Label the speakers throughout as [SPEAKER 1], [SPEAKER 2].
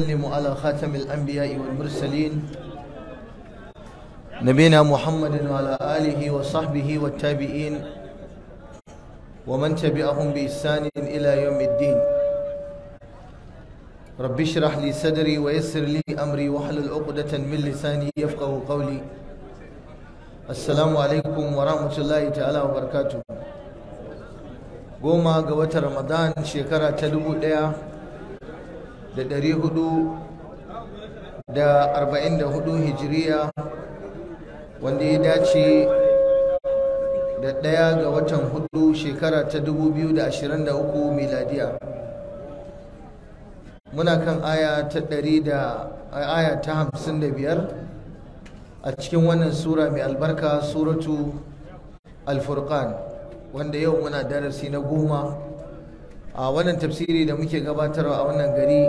[SPEAKER 1] نسلم على خاتم الأنبياء والمرسلين نبينا محمد وعلى آله وصحبه والتابعين ومن تبعهم بإحسان إلى يوم الدين رب اشرح لي صدري ويسر لي أمري واحلل عقدة من لساني يفقه قولي السلام عليكم ورحمة الله تعالى وبركاته goma ga watan ramadan shekara ta dubu ɗaya da ɗari hudu da arba'in da hudu hijiriya wanda ya dace da ɗaya ga watan hudu shekara ta dubu biyu da ashirin da uku miladiya muna kan aya ta ɗari hamsin da biyar a cikin wannan sura mai albarka suratu alfurkan wanda yau muna darasi na goma a wannan tafsiri da muke gabatarwa a wannan gari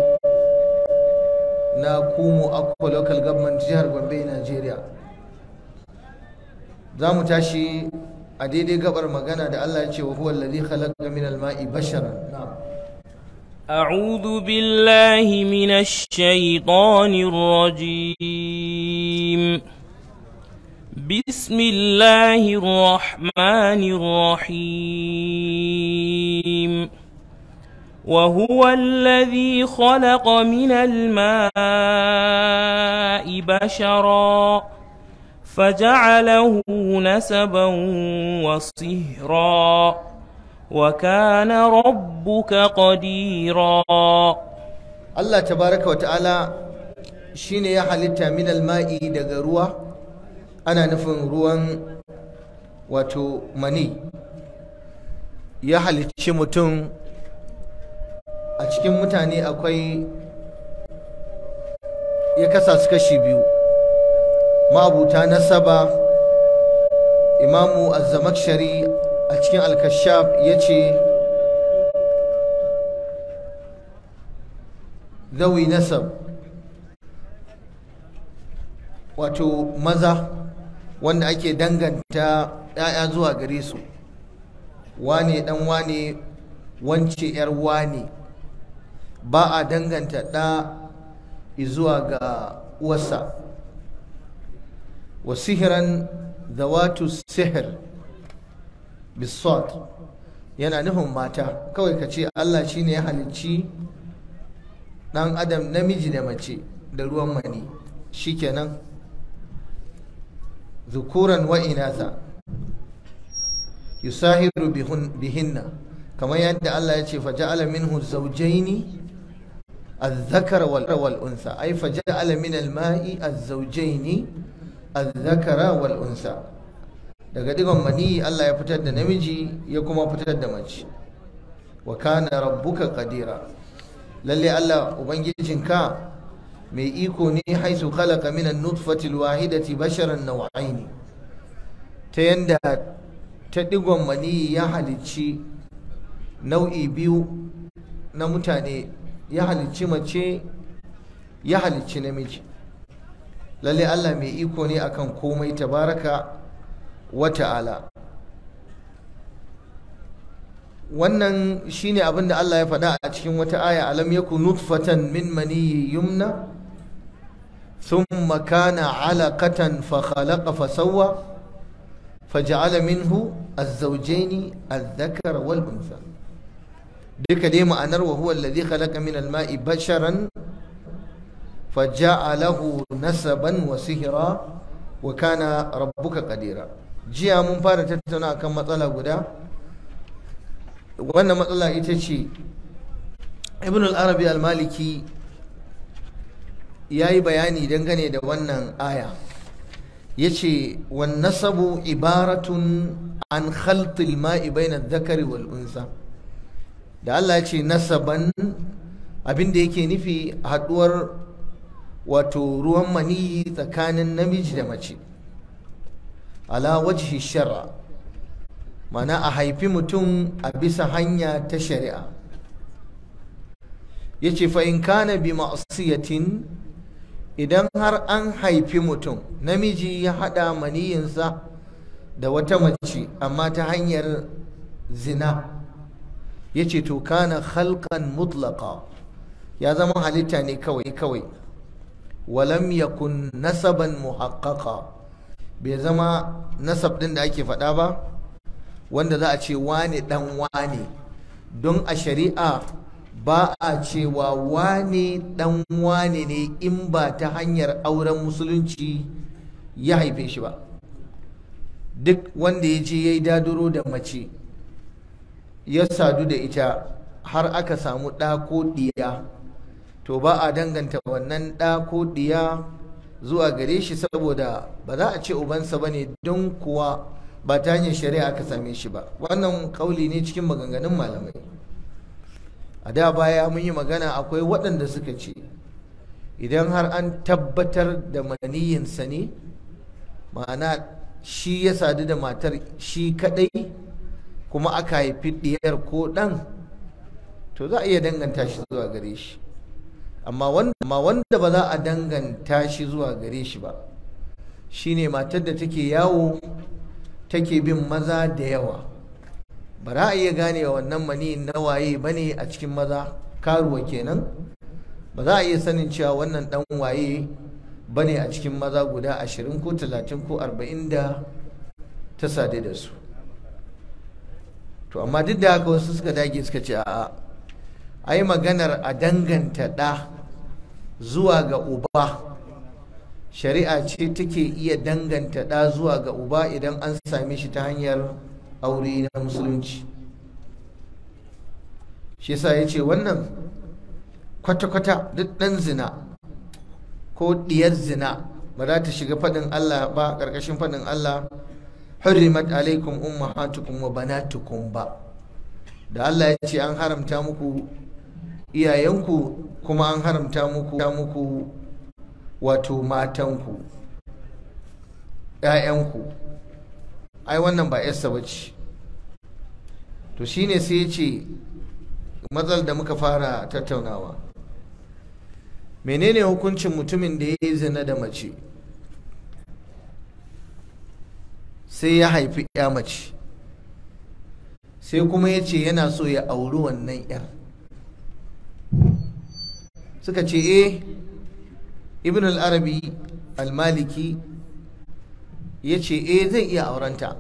[SPEAKER 1] na kumo akwa local government jihar gombe nigeria za mu tashi a daidai gabar magana da allah ya ce wa huwa alladhi khalaqa min al-ma'i basharan
[SPEAKER 2] أعوذ بالله من الشيطان الرجيم بسم الله الرحمن الرحيم وهو الذي خلق من الماء بشرا فجعله نسبا وصهرا وكان ربك قديرا الله تبارك
[SPEAKER 1] وتعالى شين يا حلتا من الماء دغروا انا نفن روان واتو مني يا حلتشي متون a cikin mutane akwai ya kasa su kashi biyu ma'abuta nasaba imamu azzamakshari a cikin alkashaf ya ce zawi nasab wato maza wanda ake danganta 'ya'ya zuwa gare su wane dan wane wance 'yar wane ba a danganta ɗa zuwa ga uwarsa wa sihiran watu sihir bisot yana nufin mata kawai ka ce allah shi ne ya halicci ɗan adam namiji da mace da ruwan mani shikenan zukuran wa yusahiru bihinna kamar yadda Allah ya ce faja'ala minhu zawjaini الذكر والأنثى أي فجعل من الماء الزوجين الذكر والأنثى daga digon mani Allah ya fitar da namiji ya kuma fitar da mace wa kana rabbuka qadira lalle Allah ubangijinka mai iko ne haisu khalaqa min an-nutfati al-wahidati basharan naw'ain ta yanda ta digon mani ya halicci nau'i biyu na mutane ya halicci mace ya halicci namiji lalle Allah mai iko ne akan komai tabaraka wa ta'ala wannan shine abin da Allah ya faɗa a cikin wata aya alam yaku nutfatan min maniyyi yumna thumma kana alaqatan fa khalaqa fa sawwa faj'ala minhu az-zawjayn adh-dhakara wal-untha duka dai ma'anar wa huwa alladhi khalaqa min al-ma'i basharan faja'alahu nasaban wa sihra wa kana rabbuka qadira jiya mun fara tattauna akan matsala guda wannan matsala ita ce ibn al-arabi al-maliki yayi bayani dangane da wannan aya yace wan nasabu ibaratun an khaltil mai bayna adh-dhakari wal unsa da Allah ya ce nasaban abin da yake nufi haduwar wato ruwan maniyi tsakanin namiji da mace ala wajhi shara mana a haifi mutum a bisa hanya ta shari'a ya ce fa'in kana bi ma'asiyatin idan har an haifi mutum namiji ya haɗa maniyinsa da wata mace amma ta hanyar zina ya ce to kana halkan mutlaka ya zama halitta ne kawai kawai walam yakun nasaban muhaqqaqa bai zama nasab din da ake faɗa ba wanda za a ce wane dan wane don a shari'a ba a cewa wane dan wane ne in ba ta hanyar auren musulunci ya haife shi ba duk wanda ya je ya yi daduro da mace ya sadu da ita har aka samu ɗa ko ɗiya to ba a danganta wannan ɗa ko ɗiya zuwa gare shi saboda ba za a ce ubansa ba ne don kuwa ba ta hanyar shari'a aka same shi ba wannan kauli ne cikin maganganun malamai a da baya mun yi magana akwai waɗanda suka ce idan har an tabbatar da maniyinsa ne ma'ana shi ya sadu da matar shi kaɗai kuma aka haifi ɗiyar ko ɗan to za a iya danganta shi zuwa gare shi amma wanda ba za a danganta shi zuwa gare shi ba shine matar da take yawo take bin maza da yawa ba za a iya gane wannan mani na waye ba ne a cikin maza karuwa kenan ba za a iya sanin cewa wannan dan waye ba ne a cikin maza guda ashirin ko talatin ko arba'in da ta sada da su to amma duk da haka wasu suka dage suka ce a'a ai maganar a danganta ɗa zuwa ga uba shari'a ce take iya danganta ɗa zuwa ga uba idan an same shi ta hanyar aure na musulunci shi sa ya ce wannan kwata-kwata duk ɗan zina ko ɗiyar zina ba za ta shiga faɗin allah ba ƙarƙashin faɗin allah hurrimat alaikum ummahatukum wa banatukum ba da Allah ya ce an haramta muku iyayenku kuma an haramta muku muku wato matanku ‘ya'yanku ai wannan ba yasa ba ce to shine sai ya ce matsal da muka fara tattaunawa menene hukuncin mutumin da ya yi zina da mace sai ya haifi ya mace sai kuma ya ce yana so ya auri wannan yar suka ce e, ibn al-arabi al-maliki ya ce e zai iya aurenta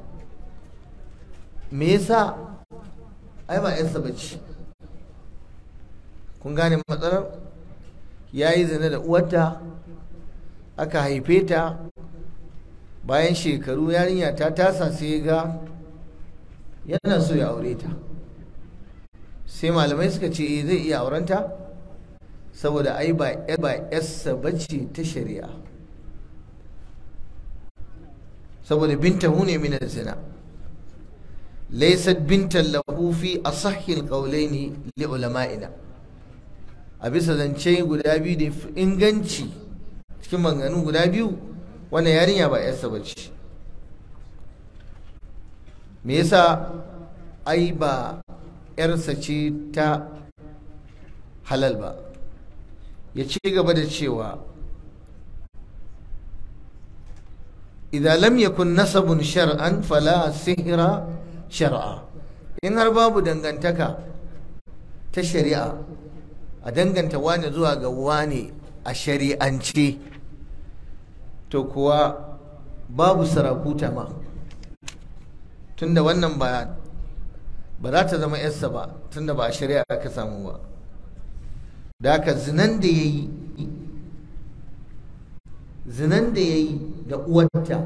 [SPEAKER 1] me yasa ai ba yarsa ce? kun gane matsalar ya yi zane da uwarta aka haife ta bayan shekaru yarinya ta tasa sai ga yana so ya aure ta sai malamai suka ce eh zai iya aurenta saboda ai ba yarsa ce ta shari'a saboda binta hune min zina laysat bintan lahu fi asahhi alqawlaini li ulama'ina a bisa zance guda biyu da inganci cikin maganganu guda biyu wannan yarinya ba yarsa ba ce me yasa ai ba yarsa ce ta halal ba ya ci gaba da cewa idan lam yakun nasabun shar'an fala sihira shar'a in har babu dangantaka ta shari'a a danganta wane zuwa ga wane a shari'ance to kuwa babu sarakuta ma tunda wannan ba ba za ta zama yarsa ba tunda ba shari'a aka samu ba da aka zinan da ya yi da ya yi da uwarta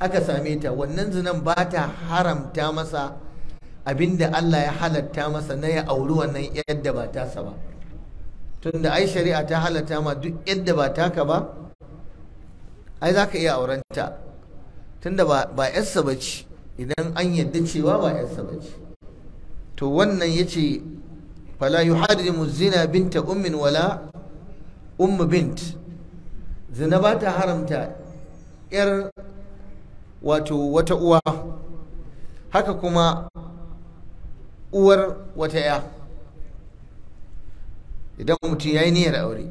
[SPEAKER 1] aka same ta wannan zinan ba ta haramta masa abinda Allah ya halatta masa na ya auri wannan yadda ba tasa ba tunda ai shari'a ta halatta ma duk yadda ba taka ba ai za ka iya aurenta tunda ba yarsa ba ce idan an yadda cewa ba yarsa ba ce to wannan ya ce fala mu zina binta ummin wala umma bint zina ba ta haramta yar wato wata uwa haka kuma uwar wata ya idan mutum ya yi niyyar aure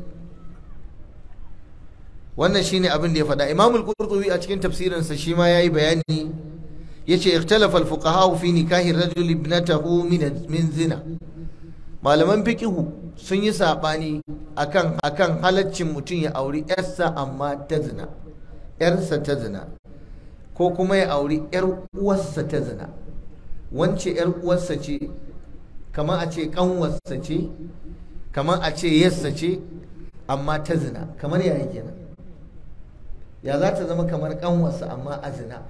[SPEAKER 1] wannan shine abin da ya faɗa imamul qurtubi a cikin tafsirinsa shi ma yayi bayani yace ikhtalafa al-fuqaha fi nikahi rajul ibnatahu min zina malaman fiqhu sun yi saɓani akan akan halaccin mutum ya auri yarsa amma ta zina yarsa ta zina ko kuma ya auri yar uwarsa ta zina wance yar uwarsa ce kamar a ce kanwarsa ce kamar a ce yarsa ce amma ta zina kamar yayi kenan ya za ta zama kamar kanwarsa amma azina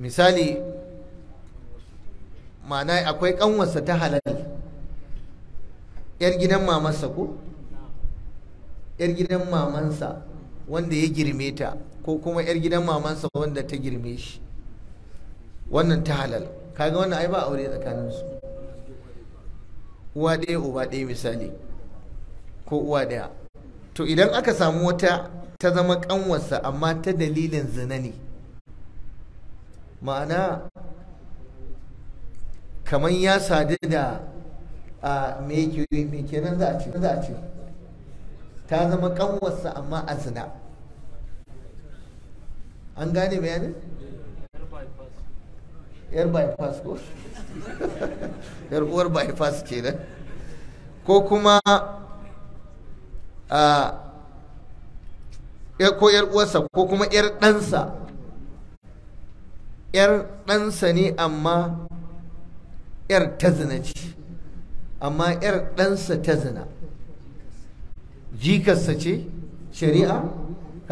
[SPEAKER 1] misali ma'ana akwai kanwarsa ta halal yar gidan mamansa ko yar gidan mamansa wanda ya girme ta ko kuma yar gidan mamansa wanda ta girme shi wannan ta halal kaga wannan ai ba aure tsakaninsu uwa ɗaya uba ɗaya misali ko uwa ɗaya to idan aka samu wata ta zama kanwarsa amma ta dalilin zina ne ma'ana kamar ya sadu da a me kenan za a ce za a ce ta zama kanwarsa amma a zina an gane bayanin yar bypass ko yar uwar bypass kenan ko kuma ko yar uwarsa ko kuma yar ɗansa yar ɗansa ne amma yar ta zina ce amma yar ɗansa ta zina jikarsa ce shari'a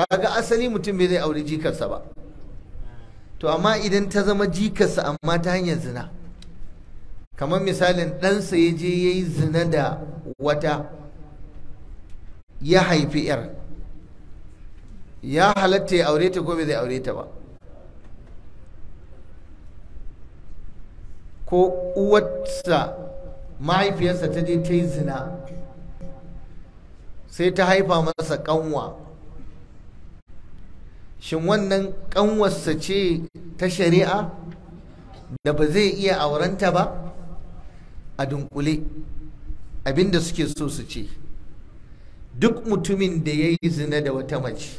[SPEAKER 1] kaga asali mutum bai zai auri jikarsa ba to amma idan ta zama jikarsa amma ta hanyar zina kamar misalin ɗansa ya je ya yi zina da wata ya haifi yar ya halatta ya aure ta ko bai zai aure ta ba ko uwarsa mahaifiyarsa ta je ta yi zina sai ta haifa masa kanwa shin wannan kanwarsa ce ta shari'a da ba zai iya aurenta ba a dunkule abinda suke so su ce duk mutumin da ya yi zina da wata mace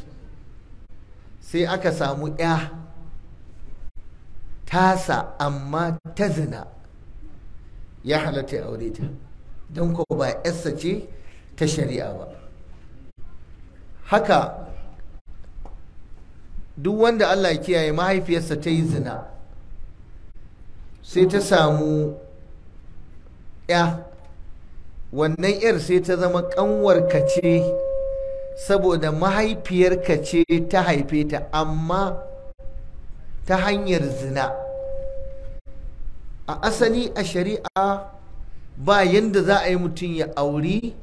[SPEAKER 1] sai aka samu ya tasa amma ta zina ya halatta aure ta don ko ba yarsa ce ta shari'a ba haka duk wanda Allah ya kiyaye mahaifiyarsa ta yi zina sai ta samu ya wannan yar sai ta zama kanwar kace saboda mahaifiyar kace ta haife ta amma ta hanyar zina a asali a shari'a ba yadda za a yi mutum ya auri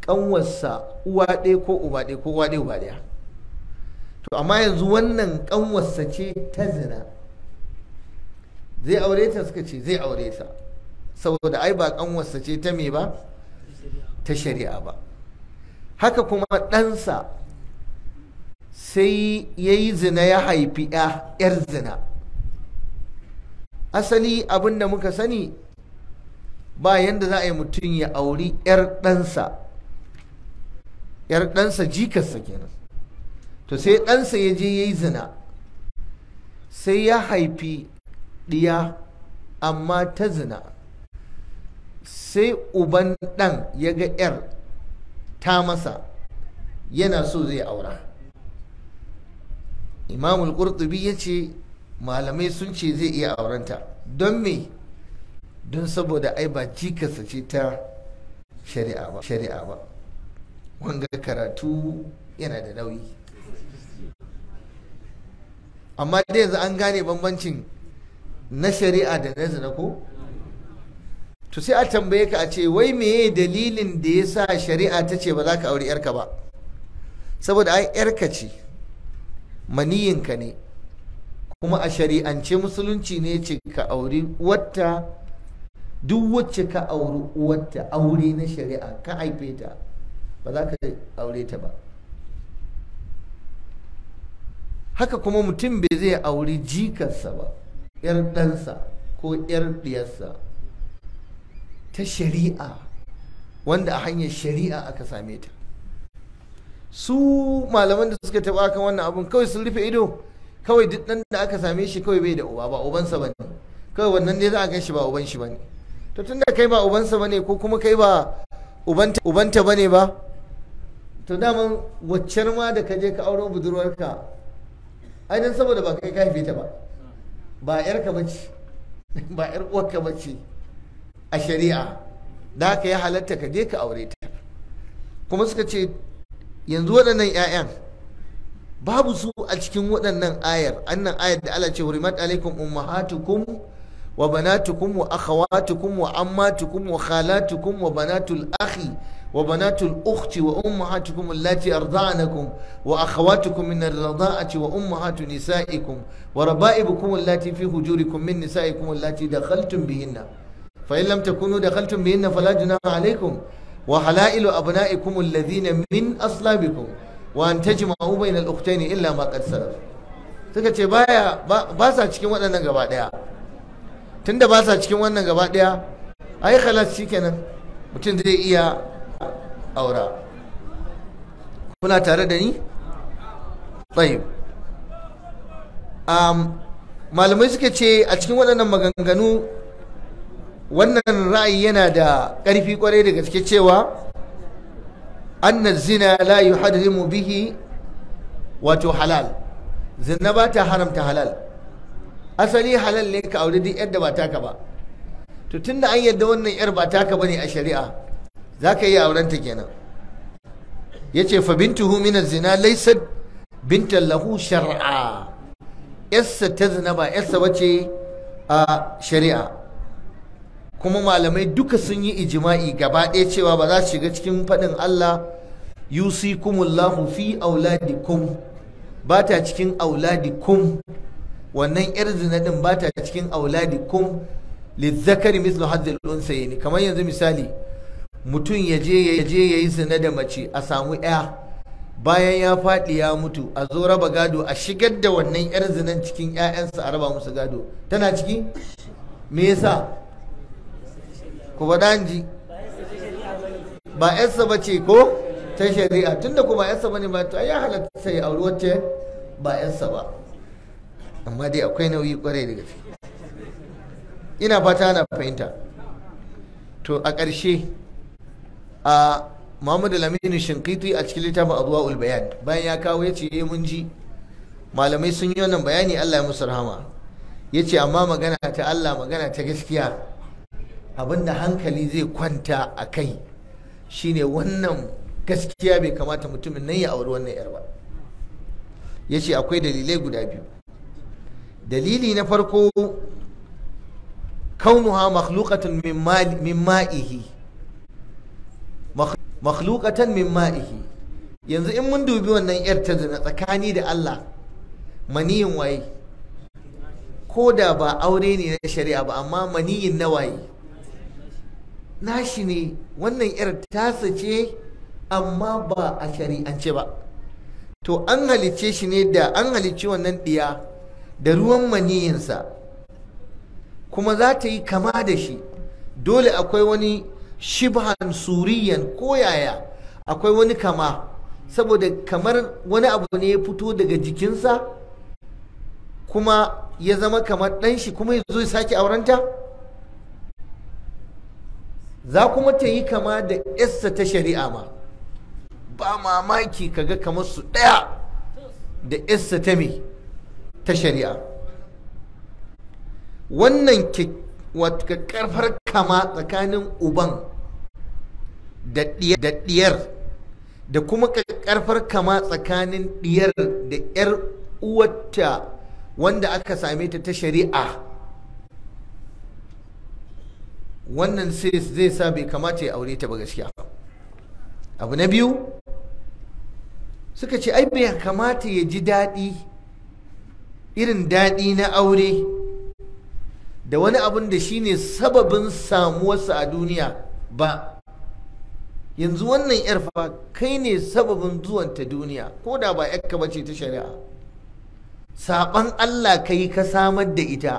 [SPEAKER 1] kanwarsa uwa ɗaya ko uba ɗaya ko uwa ɗaya uba ɗaya to amma yanzu wannan kanwarsa ce ta zina zai aure ta suka ce zai aure ta saboda ai ba kanwarsa ce ta me ba ta shari'a ba haka kuma ɗansa sai ya yi zina ya haifi ‘yar zina asali abin da muka sani ba yadda za a yi mutum ya auri ‘yar ɗansa ‘yar ɗansa jikarsa kenan to sai ɗansa ya je ya yi zina sai ya haifi ɗiya amma ta zina sai uban ɗan ya ga 'yar ta masa yana so zai aura imamul qurtubi ya ce malamai sun ce zai iya aurenta don me don saboda ai ba jikarsa ce ta shari'a ba wanga karatu yana da nauyi amma da yanzu an gane bambancin na shari'a da na zina ko to sai a tambaye ka a ce wai meye dalilin da ya sa shari'a ta ce ba za ka auri yarka ba saboda ai yarka ce maniyinka ne kuma a shari'ance musulunci ne ce ka auri wata duk wacce ka auri wata aure na shari'a ka haife ta ba za ka aure ta ba haka kuma mutum bai zai auri jikarsa ba 'yar ɗansa ko 'yar ɗiyarsa ta shari'a wanda a hanyar shari'a aka same ta su malaman da suka taba kan wannan abun kawai sun rufe ido kawai duk dan da aka same shi kawai bai da uba ba ubansa bane kawai wannan ne za a gan shi ba uban shi bane to tunda kai ba ubansa bane ko kuma kai ba ubanta ubanta bane ba to daman waccar ma da ka je ka auro budurwarka ai dan saboda ba kai ka haife ta ba ba yarka bace ba yar uwarka bace a shari'a da haka ya halatta ka je ka aure ta kuma suka ce yanzu waɗannan 'ya'yan babu su a cikin waɗannan ayar annan ayar da Allah ce wa hurimat alaikum ummahatukum wa banatukum wa akhawatukum wa ammatukum wa khalatukum wa banatul akhi wa banatul ukhti wa ummahatukum allati arda'anakum wa akhawatukum min ar-rida'ati wa ummahatu nisa'ikum wa raba'ibukum allati fi hujurikum min nisa'ikum allati dakhaltum bihinna فإن لم تكونوا دخلتم بهن فلا جناح عليكم alaikum wa الذين من أصلابكم min تجمعوا بين الأختين إلا ما قد illa suka ce baya ba sa cikin waɗannan gaba ɗaya tunda ba sa cikin wannan gaba ɗaya ai khalas shikenan mutum zai iya aura kuna tare da ni malamai suka ce a cikin waɗannan maganganu wannan ra'ayi yana da ƙarfi kwarai da gaske cewa anna zina la yuharrimu bihi wato halal zina ba ta haramta halal asali halal ne ka aure duk yadda ba taka ba to tunda an yadda wannan yar ba taka ne a shari'a zaka yi aurenta kenan yace fa bintuhu min zina laysat bintan lahu shari'a. yassa ta zina ba yassa wace a shari'a kuma malamai duka sun yi ijima'i gaba ɗaya cewa ba za su shiga cikin faɗin Allah yusi kumullahu fi auladikum ba ta cikin auladikum wannan yar zina din ba ta cikin auladikum lizzakari mislu hadzal unsayni kamar yanzu misali mutum ya je ya je yayi zina da mace a samu ya bayan ya faɗi ya mutu a zo raba gado a shigar da wannan yar zinan cikin 'ya'yansa a raba musu gado tana ciki me yasa ku faɗa ji ba yarsa ba ce ko ta shari'a tunda kuma yarsa ba ne ba ya halatta sai a wacce ba yarsa ba amma dai akwai nauyi kwarai da gaske ina fata na fahimta to a ƙarshe a Muhammadu Lamini Shinkiti a cikin littafin Abuwa Bayan bayan ya kawo ya ce eh mun ji malamai sun yi wannan bayani Allah ya musu rahama ya ce amma magana ta Allah magana ta gaskiya Abin da hankali zai kwanta a kai shine wannan gaskiya bai kamata mutumin nan ya auri wannan yar ba ya ce akwai dalilai guda biyu dalili na farko kaunuha makhluqatan min ma'ihi makhluqatan min ma'ihi yanzu in mun dubi wannan yar ta zina tsakani da Allah maniyin waye ko da ba aure ne na shari'a ba amma maniyin na waye nashi ne wannan yar tasa ce amma ba a shari'ance ba to an halicce shi ne da an halice wannan ɗiya da ruwan maniyinsa kuma za ta yi kama da shi dole akwai wani shibhan suriyan yaya akwai wani kama saboda kamar wani abu ne ya fito daga jikinsa kuma ya zama kamar ɗanshi kuma ya zo ya sake aurenta? za kuma ta yi kama da yassa ta shari'a ma ba mamaki kaga kamar su ɗaya da yassa ta me ta shari'a wannan wata karfar kama tsakanin uban da ɗiyar da kuma karfar kama tsakanin ɗiyar da 'yar uwata wanda aka same ta ta shari'a wannan sai zai sa bai kamata ya aure ta ba gaskiya abu na biyu suka ce ai bai kamata ya ji daɗi irin daɗi na aure da wani abun da shi ne sababin samuwarsa a duniya ba yanzu wannan yarfa kai ne sababin zuwanta duniya ko da ba yakka ba ce ta shari'a saɓan allah ka ka samar da ita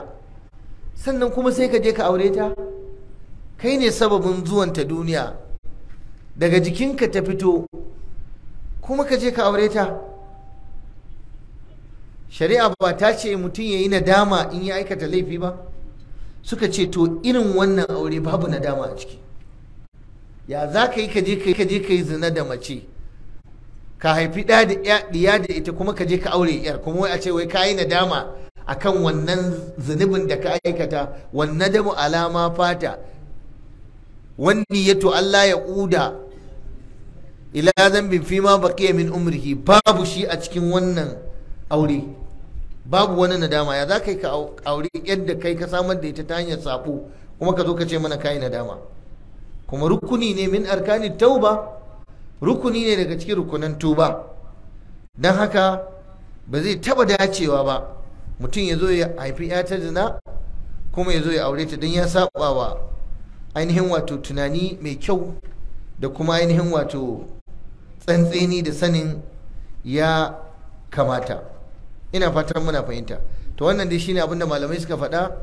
[SPEAKER 1] sannan kuma sai ka je ka aure ta kai ne sababin zuwanta duniya daga jikinka ta fito kuma ka je ka aure ta shari'a ba ta ce mutum ya yi nadama in ya aikata laifi ba suka ce to irin wannan aure babu nadama a ciki ya za ka yi ka je ka yi zina da mace ka haifi ɗa da ɗiya da ita kuma ka je ka aure yar kuma wai a ce wai ka yi nadama akan wannan zunubin da ka aikata wannan damu alama fata wanniyatu Allah ya ƙuda ila zambin fi ma baqiya min umrihi babu shi a cikin wannan aure babu wani nadama ya za ka yi ka aure yadda kai ka samar da ita ta hanyar sabo kuma ka zo ka ce mana kai nadama kuma rukuni ne min arkani tauba rukuni ne daga cikin rukunan tuba don haka ba zai taba dacewa ba mutum ya zo ya haifi ya ta zina kuma ya zo ya aure ta don ya saba wa ainihin wato tunani mai kyau da kuma ainihin wato tsantseni da sanin ya kamata ina fatan muna fahimta to wannan dai shine abinda malamai suka faɗa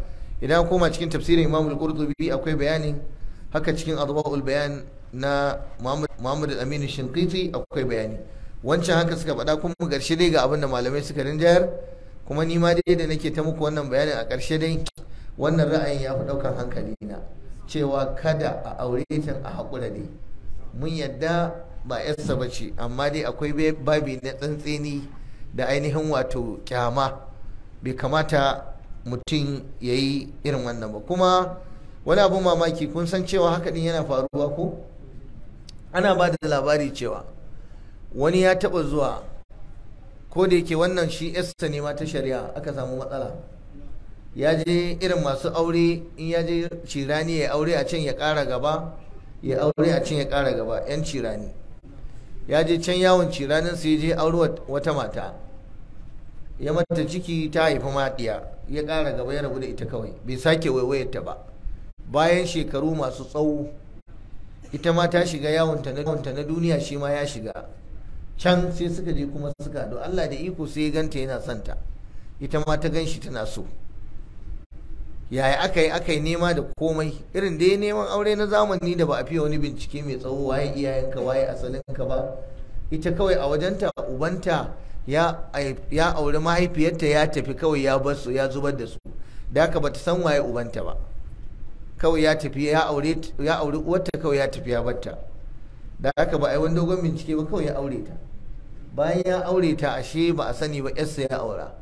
[SPEAKER 1] idan koma cikin tafsirin imam al-qurtubi akwai bayanin haka cikin adwaul bayan na muhammad al-amin shinqiti akwai bayani wancan haka suka faɗa kuma ƙarshe dai ga abinda malamai suka rinjayar kuma ni ma dai da nake ta muku wannan bayanin a ƙarshe dai wannan ra'ayin ya fi ɗaukar hankali na cewa kada a aure ta a haƙura ne mun yadda ba yarsa ba ce amma dai akwai babi na tsantseni da ainihin wato kyama bai kamata mutum ya yi irin wannan ba kuma wani abin mamaki kun san cewa haka din yana faruwa ko ana ba da labari cewa wani ya taɓa zuwa ko da yake wannan shi yarsa ne ma ta shari'a aka samu matsala ya je irin masu aure in ya je cirani ya aure a can ya ƙara gaba ya aure a can ya ƙara gaba 'yan cirani ya je can yawon ciranin su ya je aure wata mata ya mata ciki ta haifi maɗiya ya ƙara gaba ya rabu da ita kawai bai sake waiwayarta ba bayan shekaru masu tsawo ita ma ta shiga ta na duniya shi ma ya shiga can sai suka je kuma suka do Allah da iko sai ya ganta yana santa ita ma ta gan shi tana so yaya aka yi aka yi nema da komai irin dai neman aure na zamani da ba a fiye wani bincike mai tsawo waye iyayenka waye asalinka ba ita kawai a wajenta ubanta ya auri mahaifiyarta ya tafi kawai ya bar su ya zubar da su da haka bata san waye ubanta ba kawai ya tafi ya auri uwarta kawai ya tafi ya barta da haka ba a yi wani dogon bincike ba kawai ya aure ta bayan ya aure ta ashe ba a sani ba yarsa ya aura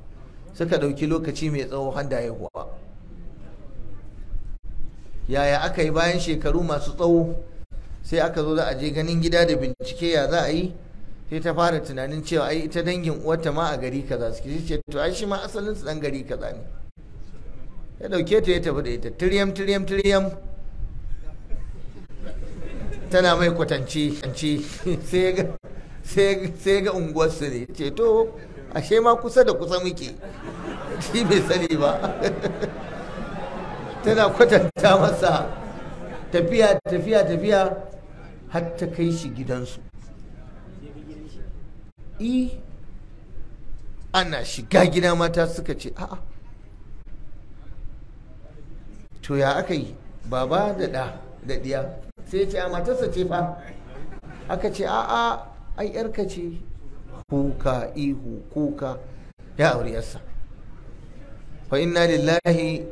[SPEAKER 1] suka ɗauki lokaci mai tsawo har da haihuwa yaya aka yi bayan shekaru masu tsawo sai aka zo za a je ganin gida da bincike ya za a yi sai ta fara tunanin cewa ai ita dangin uwarta ma a gari kaza suke ce to ai shi ma asalin su dan gari kaza ne ya dauke ta ya tafi da ita tiryam tiryam tiryam tana mai kwatanci sai ga su ne ce to ashe ma kusa da kusa muke shi bai sani ba tana kwatanta masa tafiya tafiya tafiya har ta kai shi gidansu i ana shiga gida mata suka ce a'a to ya aka yi baba da da da ɗiya sai ce a matarsa ce fa aka ce a'a ai yarka ce kuka ihu kuka ya auri yarsa fa inna lillahi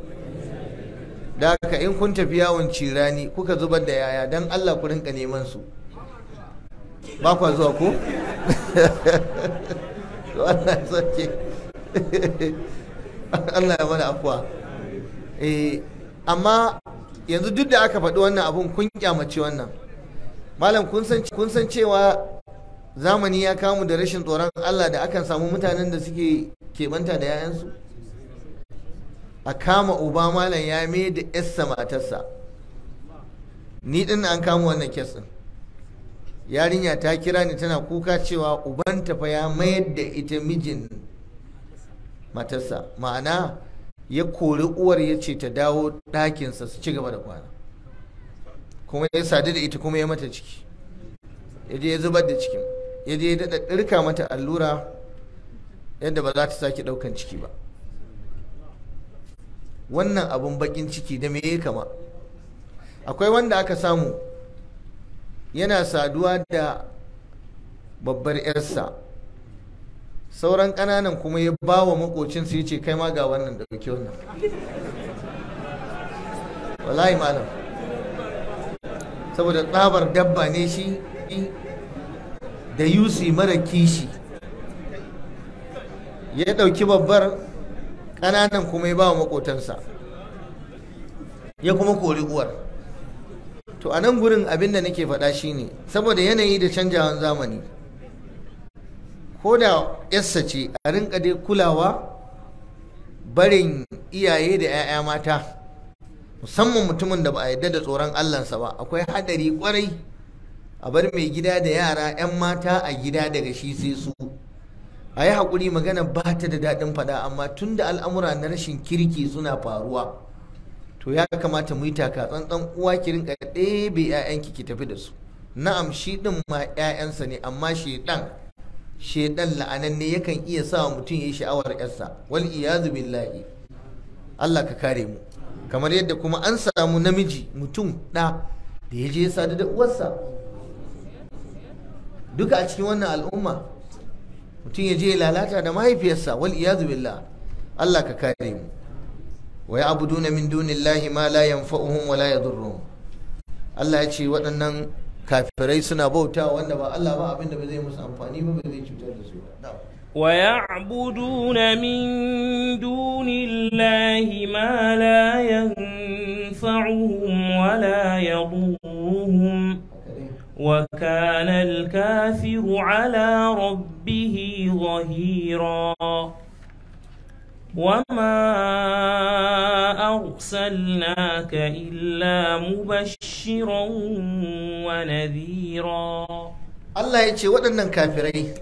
[SPEAKER 1] da haka in kun tafi yawon cirani kuka zubar da yaya don Allah ku rinka neman su ba kwa zuwa ko Allah ya mana afuwa eh, amma yanzu duk da aka faɗi wannan abun kun kyamaci wannan malam kun san cewa zamani ya kamu da rashin tsoron Allah da akan samu mutanen da suke keɓanta da 'ya'yansu a kama uba malam ya mai da yassa matarsa ni din an kama wannan kes yarinya ta kira ni tana kuka cewa ubanta fa ya mayar da ita mijin matarsa ma'ana ya kori uwar ya ce ta dawo ɗakinsa su ci gaba da kwana kuma ya sadu da ita kuma ya mata ciki ya je ya zubar da cikin ya je ya daɗa ɗirka mata allura yadda ba za ta sake ɗaukan ciki ba wannan abun bakin ciki da me ya kama akwai wanda aka samu yana saduwa da babbar 'yarsa sauran ƙananan kuma ya ba wa makocinsa ya ce kai ma ga wannan da dauke wannan wallahi malam saboda tsabar dabba ne shi da yusi mara kishi ya ɗauki babbar ƙananan kuma ya ba wa makotansa ya kuma kori uwar to a nan gurin abin da nake faɗa shi ne saboda yanayi da canjawan zamani ko da yassa ce a rinka dai kulawa barin iyaye da 'ya'ya mata musamman mutumin da ba a yadda da tsoron allansa ba akwai hadari kwarai a bar mai gida da yara 'yan mata a gida daga shi sai su a yi haƙuri magana ba ta da daɗin faɗa amma tun da al'amura na rashin kirki suna faruwa to ya kamata mu yi taka tsantsan uwa ki rinka ɗebe 'ya'yanki ki tafi da su na'am shi ɗin ma 'ya'yansa ne amma shedan shedan la'ananne yakan iya sa mutum ya yi sha'awar 'yarsa wal iyazu billahi Allah ka kare mu kamar yadda kuma an samu namiji mutum ɗa da ya je ya sadu da uwarsa duka a cikin wannan al'umma mutum ya je lalata da mahaifiyarsa wal iyadu billah Allah ka kare mu wa min dunillahi ma la yanfa'uhum wa la yadurruhum Allah ya ce waɗannan kafirai suna bauta
[SPEAKER 2] wanda ba Allah ba abinda ba zai musu amfani ba zai cutar da su ba ويعبدون من دون الله ما وكان الكافر على ربه ظهيرا وما أرسلناك إلا مبشرا
[SPEAKER 1] Allah ya ce waɗannan kafirai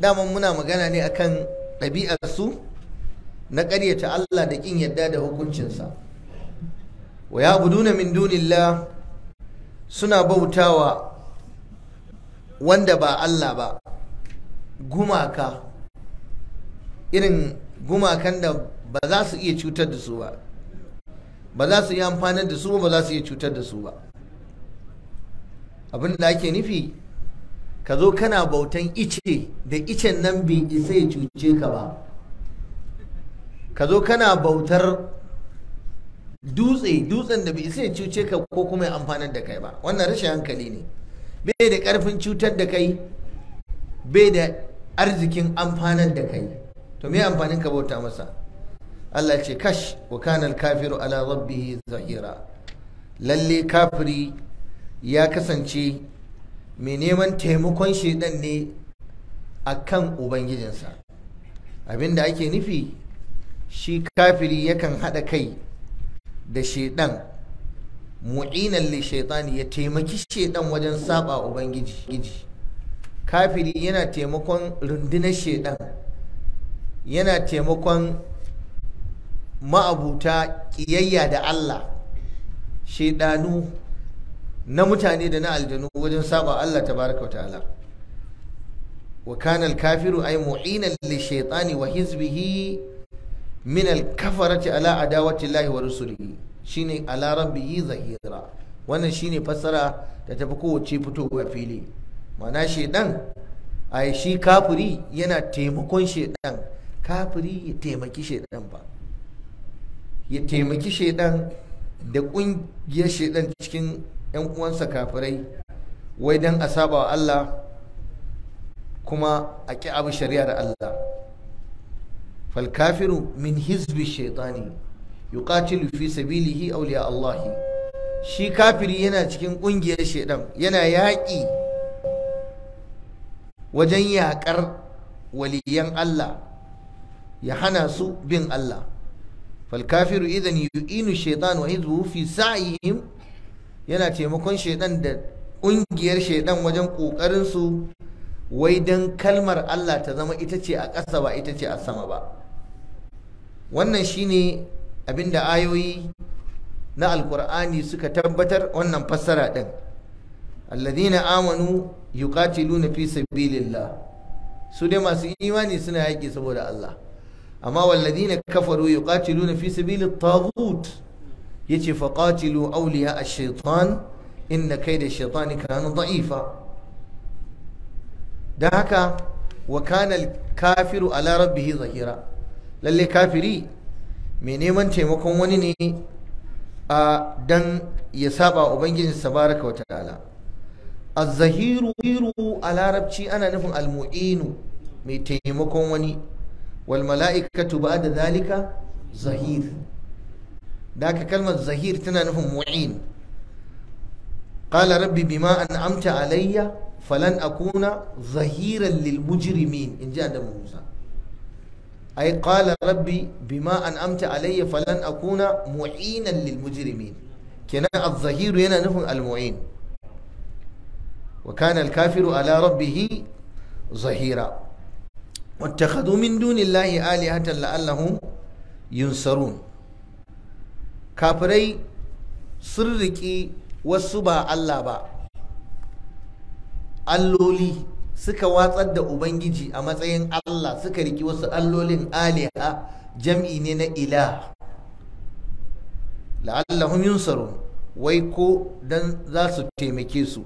[SPEAKER 1] dama muna magana ne akan ɗabi'arsu na ƙaryata Allah da ƙin yadda da hukuncinsa wa ya min suna bautawa wanda ba Allah ba gumaka irin gumakan da ba za su iya cutar da su ba ba za su iya amfani da su ba ba za su iya cutar da su ba abin da ake nufi ka zo kana bautan ice da icen nan bai isa ya cuce ka ba ka zo kana bautar dutse dutsen da bai isa ya cuce ka ko kuma ya amfani da kai ba wannan rashin hankali ne bai da karfin cutar da kai bai da arzikin amfanar da kai to me amfanin ka bauta masa Allah ce kash wa kana kafiru ala rabbihi zahira lalle kafiri ya kasance mai neman taimakon shedan ne a akan ubangijinsa abinda ake nufi shi kafiri yakan haɗa kai da shedan mu'inan li shaitani ya taimaki shaiɗan wajen saba ubangiji kafiri yana taimakon rundunar shaiɗan. yana taimakon ma'abuta ƙiyayya da Allah shaidanu na mutane da na aljanu wajen saba Allah tabaraka wa ta'ala wa kafiru ay mu'inan li shaitani wa hizbihi min al-kafarati ala adawati Allah wa rusulihi shine ala rabbihi zahira wannan shine fassara da ta fi kowace fitowa fili mana shedan a shi kafiri yana taimakon shedan kafiri ya taimaki shedan ba ya taimaki shedan da kungiyar shedan cikin yan uwansa kafirai wai don a saba wa Allah kuma a ƙi abu shari'ar Allah falkafiru min hizbi shaitani yuqatilu fi sabilihi awliya Allah shi kafiri yana cikin kungiyar shedan yana yaƙi wajen yaƙar waliyan Allah ya hana su bin Allah fal kafiru idan yu'inu shaytan wa hizbuhu fi sa'ihim yana taimakon shedan da kungiyar shedan wajen kokarin su wai dan kalmar Allah ta zama ita ce a ƙasa ba ita ce a sama ba wannan shine abinda ayoyi na alkur'ani suka tabbatar wannan fassara ɗin alladhina amanu yuqatiluna fi sabilillah su dai masu imani suna yaƙi saboda Allah amma walladhina kafaru yuqatiluna fi sabilit taghut yace faqatilu awliya ash-shaytan inna kayda ash-shaytani kana da'ifa da haka wa kana al-kafiru ala rabbih zahira lalle kafiri mai neman taimakon wani ne a dan ya saba Ubangijinsa, baraka wa ta'ala az-zahiru a larabci ana nufin al-mu'inu mai taimakon wani wal mala'ikatu da zalika zahir da kalmar zahir tana nufin mu'in qala rabbi bima an amta alayya falan akuna zahiran lil mujrimin inji adamu musa ai qala rabbi bima an amta alayya falan kuna mu'inan lil mujrimin kenan az-zahiru yana nufin al-mu'in wa kana al-kafiru ala rabbih zahira واتخذوا من دون الله آلهة لعلهم ينصرون كافري wasu ba Allah ba. alloli suka watsar da ubangiji a matsayin Allah suka riki wasu allolin aliha jam'i ne na ilah la'allahum yunsarun wai ko don za su taimake su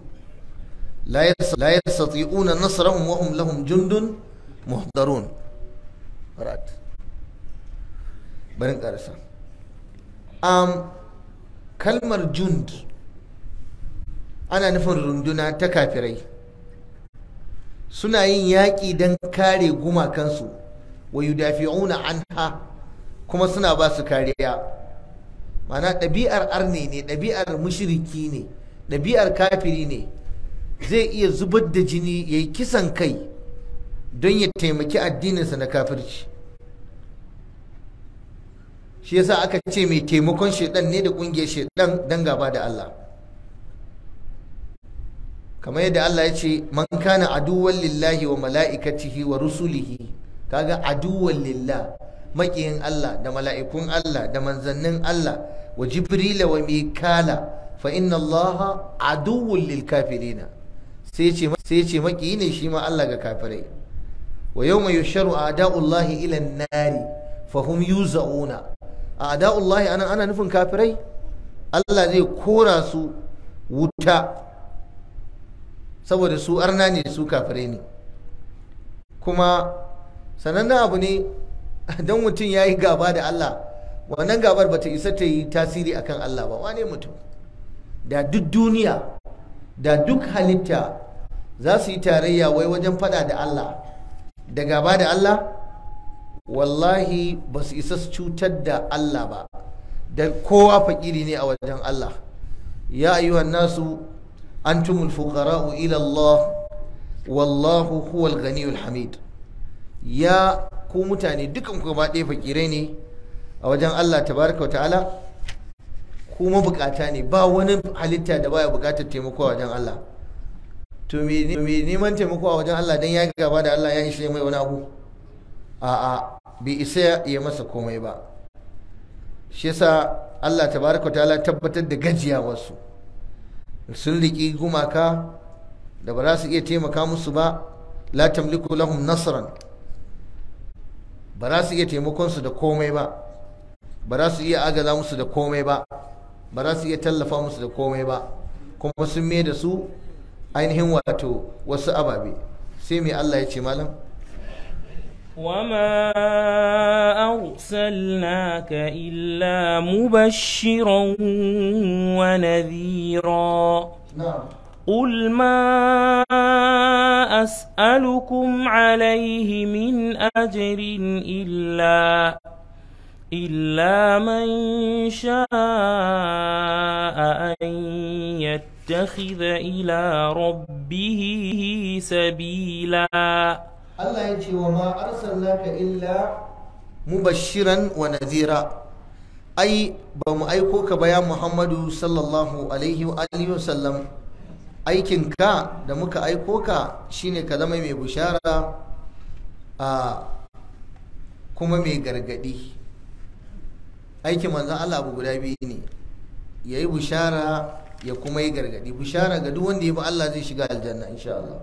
[SPEAKER 1] la yastati'una nasarar wa hum lahum jundun muhdarun rat barin karasa um, kalmar jund ana nufin runduna ta kafirai suna yin yaƙi don kare gumakansu wa yudafi'una anha kuma suna ba su kariya mana ɗabi'ar arne ne ɗabi'ar mushiriki ne ɗabi'ar kafiri ne zai iya zubar da jini ya yi kisan kai don ya taimaki addininsa na kafirci shi yasa aka ce mai taimakon shaidan ne da ƙungiyar shaidan don gaba da Allah kamar yadda Allah ya ce man kana aduwwan lillahi wa mala'ikatihi wa rusulihi kaga aduwwan lillah makiyin Allah da mala'ikun Allah da manzannin Allah wa jibrila wa mikala fa inna allaha aduwwun lil kafirina sai ce ce ne shi ma Allah ga kafirai wa yawma yusharu a'da'ullahi ila nari fa hum yuzauna a'da'ullahi ana ana nufin kafirai Allah zai kora su wuta saboda su arna ne su kafirai ne kuma sanannen abu ne don mutum ya yi gaba da Allah wannan gabar ba ta isa ta yi tasiri akan Allah ba wane mutum da duk duniya da duk halitta za su yi tarayya wai wajen fada da Allah da gaba da Allah wallahi ba su isa cutar da Allah ba da kowa fakiri ne a wajen Allah ya ayyuhan nasu antumul fuqara'u ila Allah wallahu huwal ghaniyul hamid ya ku mutane dukan ku ba ɗaya fakirai ne a wajen Allah tabaraka ta'ala ku mabukata ne ba wani halitta da baya bukatar taimako a wajen Allah to me neman taimako a wajen Allah dan ya gaba da Allah ya ishe mai wani abu a'a bai isa ya masa komai ba shi yasa Allah tabaraka ta'ala tabbatar da gajiya wasu sun riƙe gumaka da ba za su iya taimaka musu ba la tamliku lahum nasran ba za su iya taimakon su da komai ba ba za su iya agaza musu da komai ba ba za su iya tallafa musu da komai ba kuma sun mai da su ainihin wato wasu ababe sai mai Allah ya ce malam
[SPEAKER 2] وما أرسلناك إلا مبشرا ونذيرا نعم قل ما أسألكم عليه من أجر إلا إلا من شاء أن يتخذ إلى ربه سبيلاً
[SPEAKER 1] Allah ya ce wa ma arsalnaka illa mubashiran wa nazira ai ba mu aiko ka ba ya Muhammadu sallallahu alaihi wa alihi wasallam aikin ka da muka aiko ka shine ka zama mai bushara a kuma mai gargadi aikin manzon Allah abu guda biyu ne yayi bushara ya kuma yi gargadi bushara ga duk wanda ya bi Allah zai shiga aljanna insha Allah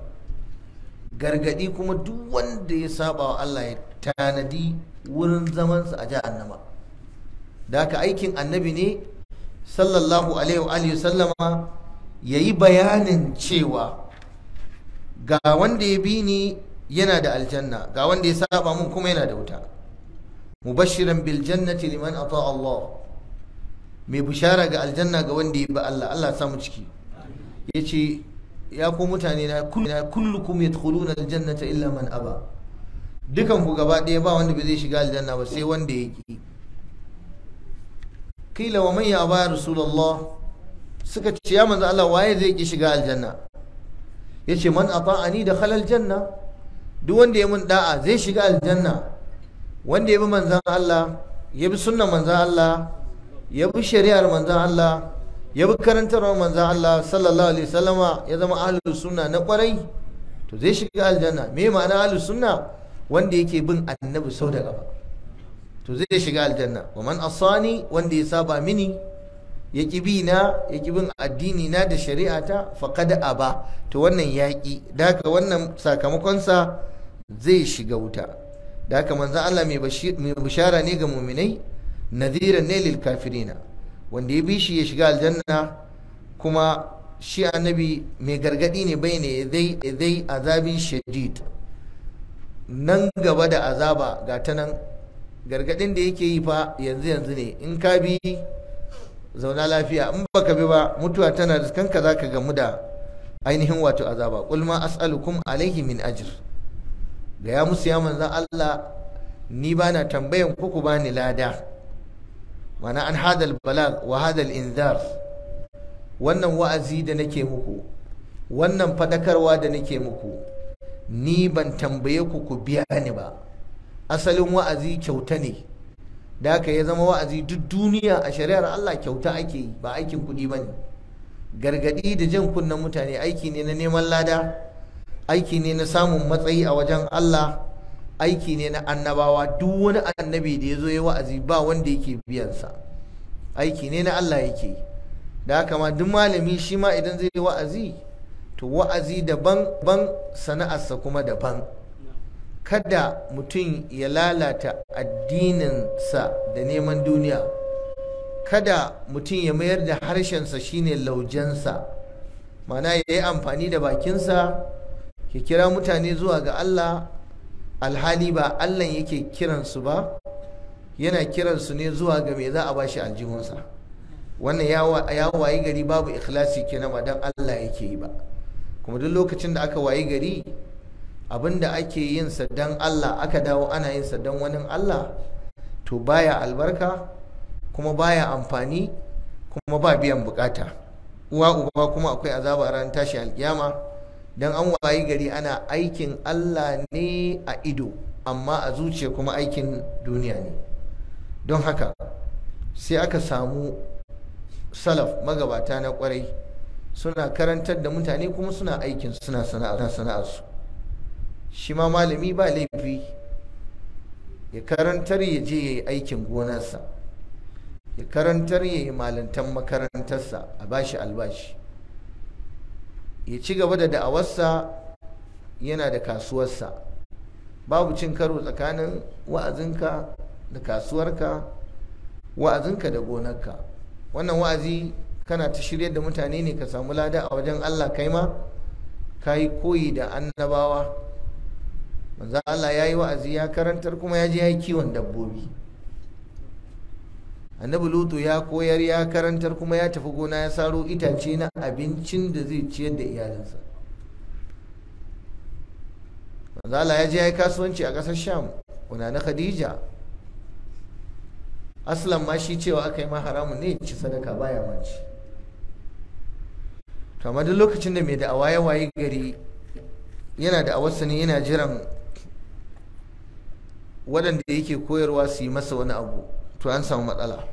[SPEAKER 1] gargadi kuma duk wanda ya saba wa Allah ya tanadi wurin zamansa a annaba. da haka aikin annabi ne sallallahu alaihi wa sallama ya yi bayanin cewa ga wanda ya bi ni yana da aljanna ga wanda ya saba mun kuma yana da wuta mubashiran bil jannati liman ata Allah mai bishara ga aljanna ga wanda ya bi Allah Allah samu ciki yace ya ku mutane na kullukum yadkhuluna aljannata illa man aba dukan ku gaba ɗaya ba wanda ba zai shiga aljanna ba sai wanda ya ki kila wa man ya aba rasulullah suka ce ya manzo Allah waye zai ki shiga aljanna yace man ata'ani da halal janna duk wanda ya mun da'a zai shiga aljanna wanda ya bi manzon Allah ya bi sunnan manzon Allah ya bi shari'ar manzon Allah ya bi wa manzan Allah sallallahu alaihi sallama ya zama ahlus sunna na kwarai to zai shiga aljanna me ma'ana ahlus sunna wanda yake bin annabi sau da gaba to zai shiga aljanna wa man asani wanda ya saba mini ya ki na ya bin addini na da shari'ata faqad aba to wannan yaki daka wannan sakamakonsa zai shiga wuta daka manzan Allah mai bishara ne ga muminai nadiran ne lil kafirina wanda ya bi shi ya shiga aljanna kuma shi annabi mai gargadi ne bai ne zai azabin shadid nan gaba da azaba ga ta nan gargadin da yake yi fa yanzu yanzu ne in ka bi zauna lafiya in ba ka bi ba mutuwa tana riskanka za ka gamu da ainihin wato azaba kulma ma as'alukum alaihi min ajir ga ya musu ya manzan Allah ni bana tambayan kuku ku bani lada mana an hadal balag wa hadal inzar wannan wa'azi da nake muku wannan fadakarwa da nake muku ni ban tambaye ku ku biya ni ba asalin wa'azi kyauta ne da haka ya zama wa'azi duk duniya a shari'ar Allah kyauta ake yi ba aikin kuɗi ba ne gargaɗi da jan kunnen mutane aiki ne na neman lada aiki ne na samun matsayi a wajen Allah aiki ne na annabawa duk wani annabi da ya zo ya wa'azi ba wanda yake biyansa aiki ne na Allah yake da haka ma duk malami shi ma idan zai yi wa'azi to wa'azi daban ban sana'arsa kuma daban kada mutum ya lalata addininsa da neman duniya kada mutum ya mayar da harshensa shine laujensa mana ya yi amfani da bakinsa ya kira mutane zuwa ga Allah alhali ba allah yake kiransu ba yana kiransu ne zuwa ga me za a bashi aljihunsa wannan ya wayi gari babu ikhlasi kenan ba don allah yake yi ba kuma duk lokacin da aka wayi gari da ake yin don allah aka dawo ana yin sa don wani allah to baya albarka kuma baya amfani kuma ba biyan bukata uwa uba kuma akwai azaba ran tashi alkiyama don an wayi gari ana aikin Allah ne a ido amma a zuciya kuma aikin duniya ne don haka sai aka samu salaf magabata na kwarai suna karantar da mutane kuma suna aikin suna sana'a sana'arsu shi ma malami ba laifi ya karantar ya je ya yi aikin gonarsa ya karantar ya yi malantan makarantarsa a bashi albashi ya ci gaba da da'awarsa yana da kasuwarsa babu cin karo tsakanin wa'azinka da kasuwarka wa'azinka da gonarka wannan wa'azi kana ta shirya da mutane ne ka samu lada a wajen Allah kai ma ka yi koyi da annabawa manzo Allah ya yi wa'azi ya karantar kuma ya je ya yi kiwon dabbobi annabi lutu ya koyar ya karantar kuma ya tafi gona ya saro itace na abincin da zai ciyar da iyalinsa manzala ya je ya yi kasuwanci a ƙasar sham kuna na khadija aslan ma shi cewa aka yi ma haramun ne ci sadaka baya ma ci kamar duk lokacin da mai da awaye waye gari yana da awarsa ne yana jiran waɗanda yake koyarwa su yi masa wani abu to an samu matsala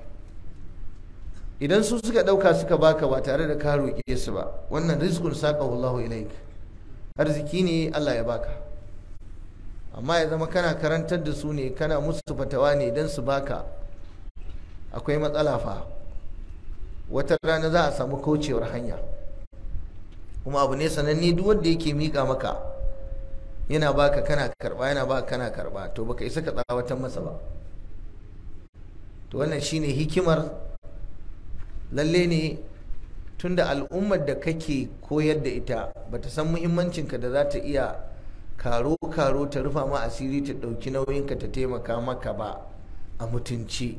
[SPEAKER 1] idan su suka ɗauka suka baka ba tare da ka roƙe su ba wannan saƙa wallahu ilaik arziki ne Allah ya baka amma ya zama kana karantar da su ne kana musu fatawa ne idan su baka akwai matsala fa wata rana za a samu kaucewar hanya kuma abu ne sananne duk wanda yake mika maka yana baka kana karba yana baka kana karba to baka isa ka tsawatan masa ba to wannan shine hikimar lalle ne tunda al'ummar da kake koyar da ita bata san muhimmancinka da za ta iya karo-karo ta rufa ma asiri ta ɗauki nauyinka ta taimaka maka ba a mutunci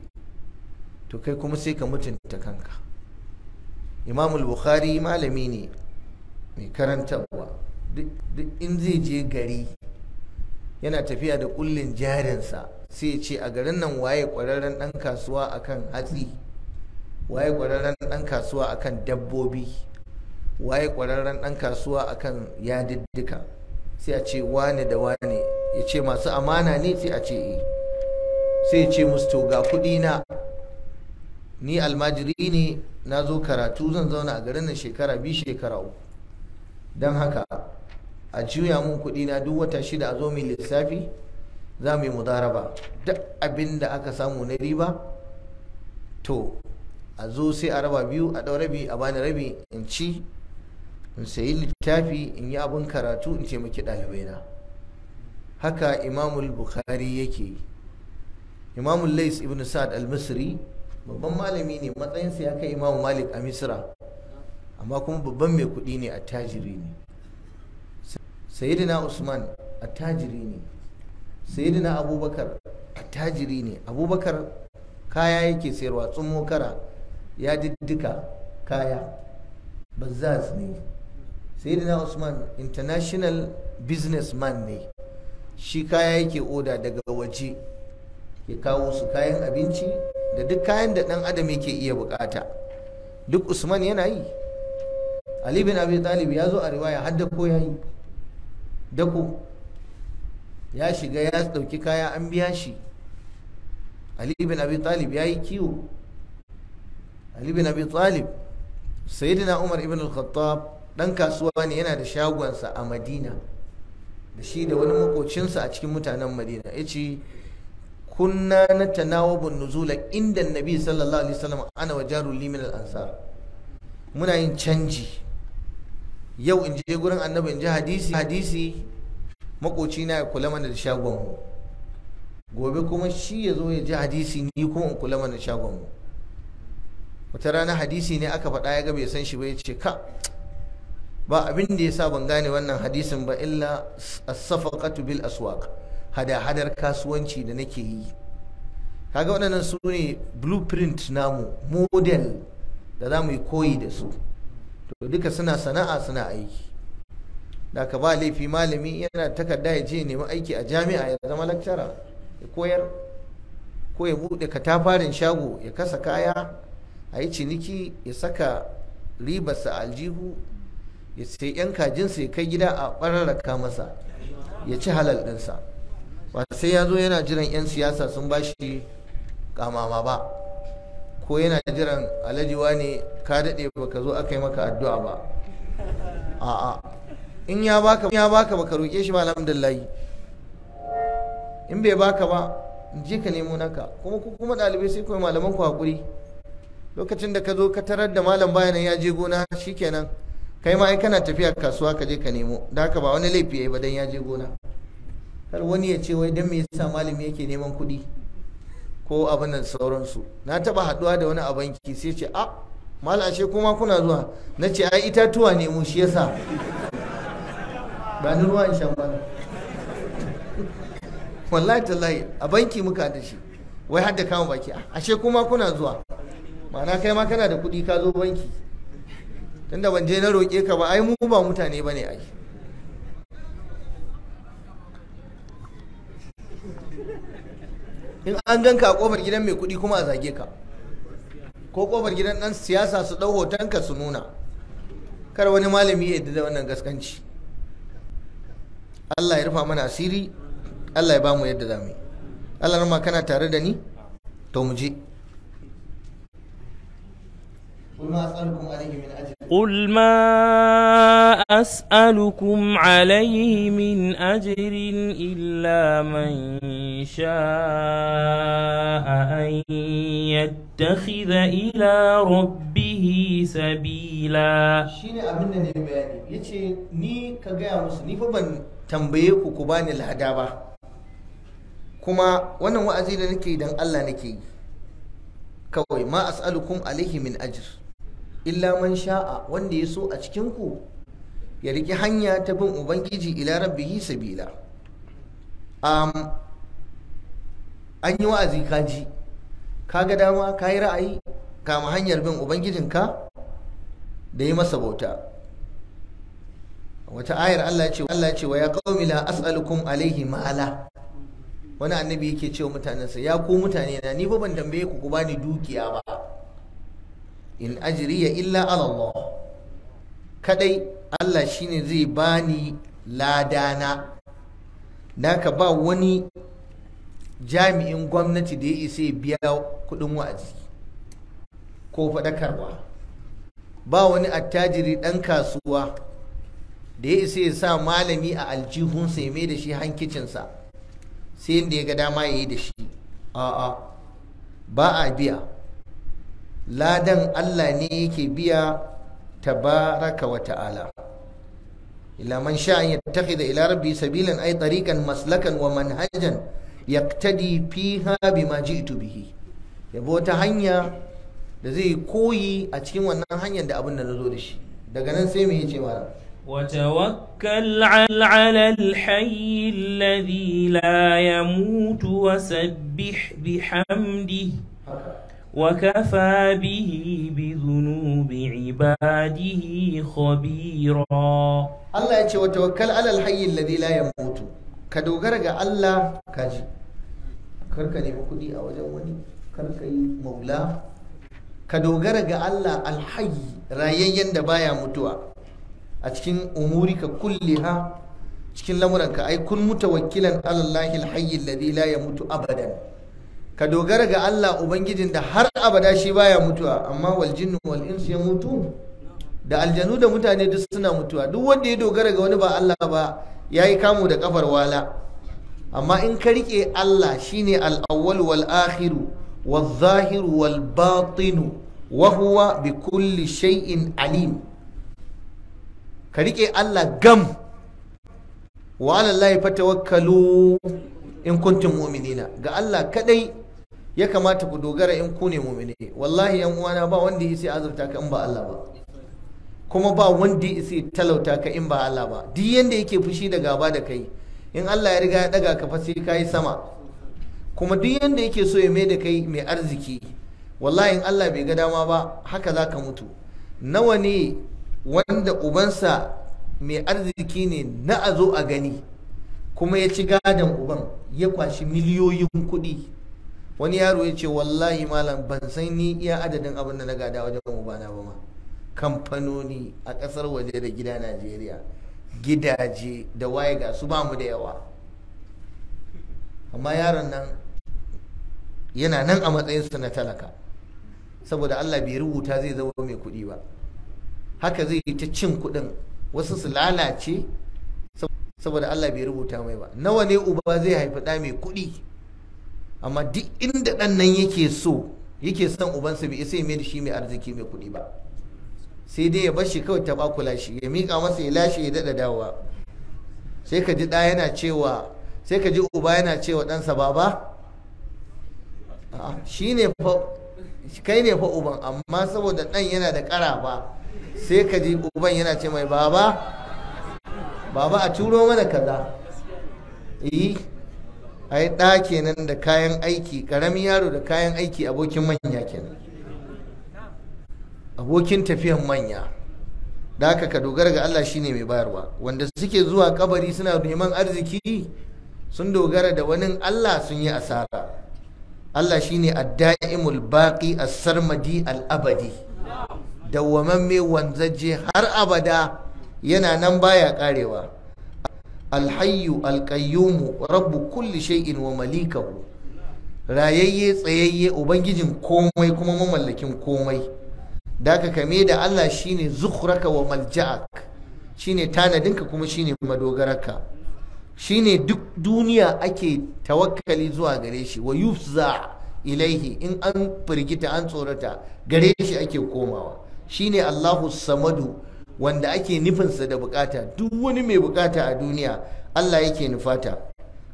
[SPEAKER 1] to kai kuma sai ka mutunta kanka imamul bukhari malami ne mai karantarwa duk in zai je gari yana tafiya da kullin jarinsa sai ya ce a garin nan waye kwararren dan kasuwa akan hatsi waye kwararren dan kasuwa akan dabbobi waye kwararren dan kasuwa akan yadiddika sai a ce wane da wane ya ce masu amana ne sai a ce eh. sai ya ce musu ga kuɗi na ni almajiri ne na zo karatu zan zauna a garin nan shekara biyu shekara uku don haka a juya mun kuɗi na duk wata shida a zo mai lissafi za mu yi mudaraba duk abin da aka samu na riba to a zo sai a raba biyu a ɗau rabi a bani rabi in ci in sayi littafi in yi abin karatu in ce taimaki na. haka imamul bukhari yake yi imamul lais ibn sa'ad al-misri babban malami ne matsayinsa ya kai imamu malik a misra amma kuma babban mai kuɗi ne a tajiri ne sayidina usman a tajiri ne sayyidina abubakar tajiri ne abubakar kaya yake sayarwa tsummo kara ya diddika kaya su ne sayyidina usman international businessman ne shi kaya yake oda daga waje ya kawo su kayan abinci da duk kayan da dan adam yake iya bukata duk usman yana yi ali bin abi talib ya zo a riwaya har ko ya yi dako ya shiga ya dauki kaya an biya shi ali bin abi talib ya yi kiwo ali bin abi talib sayyidina umar ibn al-khattab dan kasuwa ne yana da shagonsa a madina da shi da wani makocinsa a cikin mutanen madina ya ce kunna na tanawabun nuzula inda nabi sallallahu alaihi wasallam ana wa jarul limin al-ansar muna yin canji yau in je gurin annabi in ji hadisi hadisi makoci na ya kula mana da shagon mu gobe kuma shi ya zo ya ji hadisi ni kuma in kula mana shagon mu wata rana hadisi ne aka faɗa ya ga bai san shi ba ya ce ka ba abin da ya sa ban gane wannan hadisin ba illa as-safaqatu bil aswaq hada hadar kasuwanci da nake yi kaga waɗannan su ne blueprint namu model da za mu yi koyi da su to duka suna sana'a suna aiki da ka ba laifi malami yana takarda ya je nemi aiki a jami'a ya zama lakcara ya koyar ko ya buɗe katafarin shago ya kasa kaya a yi ciniki ya saka ribarsa aljihu ya sai yan kajinsa ya kai gida a ɓararraka masa ya ci halal ɗinsa ba sai ya zo yana jiran 'yan siyasa sun ba shi kamama ba ko yana jiran alhaji ne ka daɗe ka zo aka yi maka addu'a ba a'a in ya baka ya baka baka roke shi ba alhamdulillah in bai baka ba je ka nemo naka kuma ku kuma dalibai sai koyi malaman ku hakuri lokacin da ka zo ka tarar da malam bayanan ya je gona shikenan kai ma ai kana tafiya kasuwa ka je ka nemo da haka ba wani laifi yayi ba dan ya je gona kar wani ya ce wai dan me yasa malami yake neman kuɗi ko abin nan sauransu na taba haduwa da wani a banki sai ce a ah, malam ashe kuma kuna zuwa na ce ai itatuwa ne mu shi yasa ba ni ruwa in sha mana wallahi tallahi a banki muka da shi wai hadda kama baki ashe kuma kuna zuwa ma'ana kai ma kana da kuɗi ka zo banki tunda ban je na roƙe ka ba ai mu ba mutane ba ne ai in an ganka a kofar gidan mai kuɗi kuma a zage ka ko kofar gidan ɗan siyasa su ɗau hotonka su nuna kar wani malami ya yadda da wannan gaskanci Allah ya rufa mana asiri Allah ya ba mu yadda za mu yi Allah rama kana tare da ni
[SPEAKER 2] to mu je قل ما أسألكم عليه من أجر إلا من شاء أن يتخذ إلى ربه سبيلا شيني
[SPEAKER 1] أبنى نباني يتشي ني كغير مسلم فبن tambaye ku ku bani lada ba kuma wannan wa'azi da nake dan Allah nake yi kawai ma as'alukum alaihi min ajr illa man sha'a wanda ya so a cikin ku ya riki hanya ta bin ubangiji ila rabbihi sabila um, an yi wa'azi kaji ka ga dama ka yi ra'ayi kama hanyar bin ubangijinka da yi masa bauta wata ayar Allah ce Allah ce wa ya qaumi la as'alukum alaihi ma'ala wani annabi yake cewa mutanensa ya ku mutane na ni ba ban tambaye ku ku bani dukiya ba in ajriya illa ala Allah kadai Allah shine zai bani ladana naka ba wani jami'in gwamnati da ya isa biya kudin wa'azi ko faɗakarwa ba wani attajiri ɗan kasuwa da ya isa ya sa malami a aljihunsa ya mai da shi hankicinsa sai inda ya ga dama ya yi da shi a'a ba a biya ladan allah ne yake biya tabaraka wa ta'ala ila man sha an yattakhidha ila rabbi sabilan ay tariqan maslakan wa manhajan yaqtadi fiha bima ji'tu bihi yabo ta hanya da zai koyi a cikin wannan hanyar da
[SPEAKER 2] abin da na zo da shi
[SPEAKER 1] daga nan sai mu yi ce
[SPEAKER 2] وتوكل على الحي الذي لا يموت وسبح بحمده وكفى به بذنوب عباده خبيرا
[SPEAKER 1] الله وتوكل على الحي الذي لا يموت Allah kaji karka nemi kudi a wajen wani karka yi maula ka dogara ga Allah alhayi rayayyen da baya mutuwa a cikin umurika kulliha cikin lamuranka ai kun wakilan alallahi Alhayyi alladhi la yamutu abadan ka dogara ga Allah ubangijin da har abada shi baya mutuwa amma wal jinnu wal insu da aljanu da mutane duk suna mutuwa duk wanda ya dogara ga wani ba Allah ba yayi kamu da kafar wala amma in ka rike Allah shine al-awwal wal akhiru wal zahiru wal batinu wa huwa bi kulli shay'in alim ka riƙe Allah gam wa alallahi fatawakkalu in kuntum mu'minina ga Allah kadai ya kamata ku dogara in ku ne mu'mini wallahi yan uwana ba wanda yake azurta ka in ba Allah ba kuma ba wanda yake talauta ka in ba Allah ba duk yanda yake fushi da gaba da kai in Allah ya riga ya daga ka fa sai kai sama kuma duk yanda yake so ya mai da kai mai arziki wallahi in Allah bai ga dama ba haka zaka mutu nawa ne wanda ubansa mai arziki ne na a zo a gani kuma ya ci gadon uban ya kwashi miliyoyin kuɗi wani yaro ya ce wallahi malam ban san ni iya adadin abin da na gada wajen ubana ba ma kamfanoni a ƙasar waje da gida najeriya gidaje da waye ga su ba mu da yawa amma yaron nan yana nan a matsayinsa na talaka saboda allah bai rubuta zai zama mai kuɗi ba haka zai yi ta cin kuɗin wasu su lalace saboda Allah bai rubuta mai ba nawa ne uba zai haifi ɗa mai kuɗi amma duk inda ɗan nan yake so yake son ubansa bai isa mai da shi mai arziki mai kuɗi ba sai dai ya bar shi kawai ta bakula shi ya miƙa masa ya lashe ya daɗa dawowa sai ka ji ɗa yana cewa sai ka ji uba yana cewa ɗansa baba shi ne fa kai ne fa uban amma saboda ɗan yana da ƙara ba sai ka ji uban yana ce mai baba baba a turo mana kaza yi a yi kenan da kayan aiki ƙaramin yaro da kayan aiki abokin manya kenan abokin tafiyan manya da aka ka dogara ga Allah shine mai bayarwa wanda suke zuwa kabari suna neman arziki sun dogara da wani Allah sun yi asara Allah shine ad-da'imul baqi as-sarmadi al-abadi dawwamamme wanzaje har abada yana nan baya karewa alhayyu alqayyumu rabbu kulli shay'in wa malikahu rayayye tsayayye ubangijin komai kuma mamallakin komai daka kame da Allah shine zukhraka wa malja'ak shine tanadinka kuma shine madogaraka shine duk duniya ake tawakkali zuwa gare shi wa yufza ilaihi in an firgita an tsorata gare shi ake komawa shine Allahu samadu wanda ake nufinsa da bukata duk wani mai bukata a duniya Allah yake nufata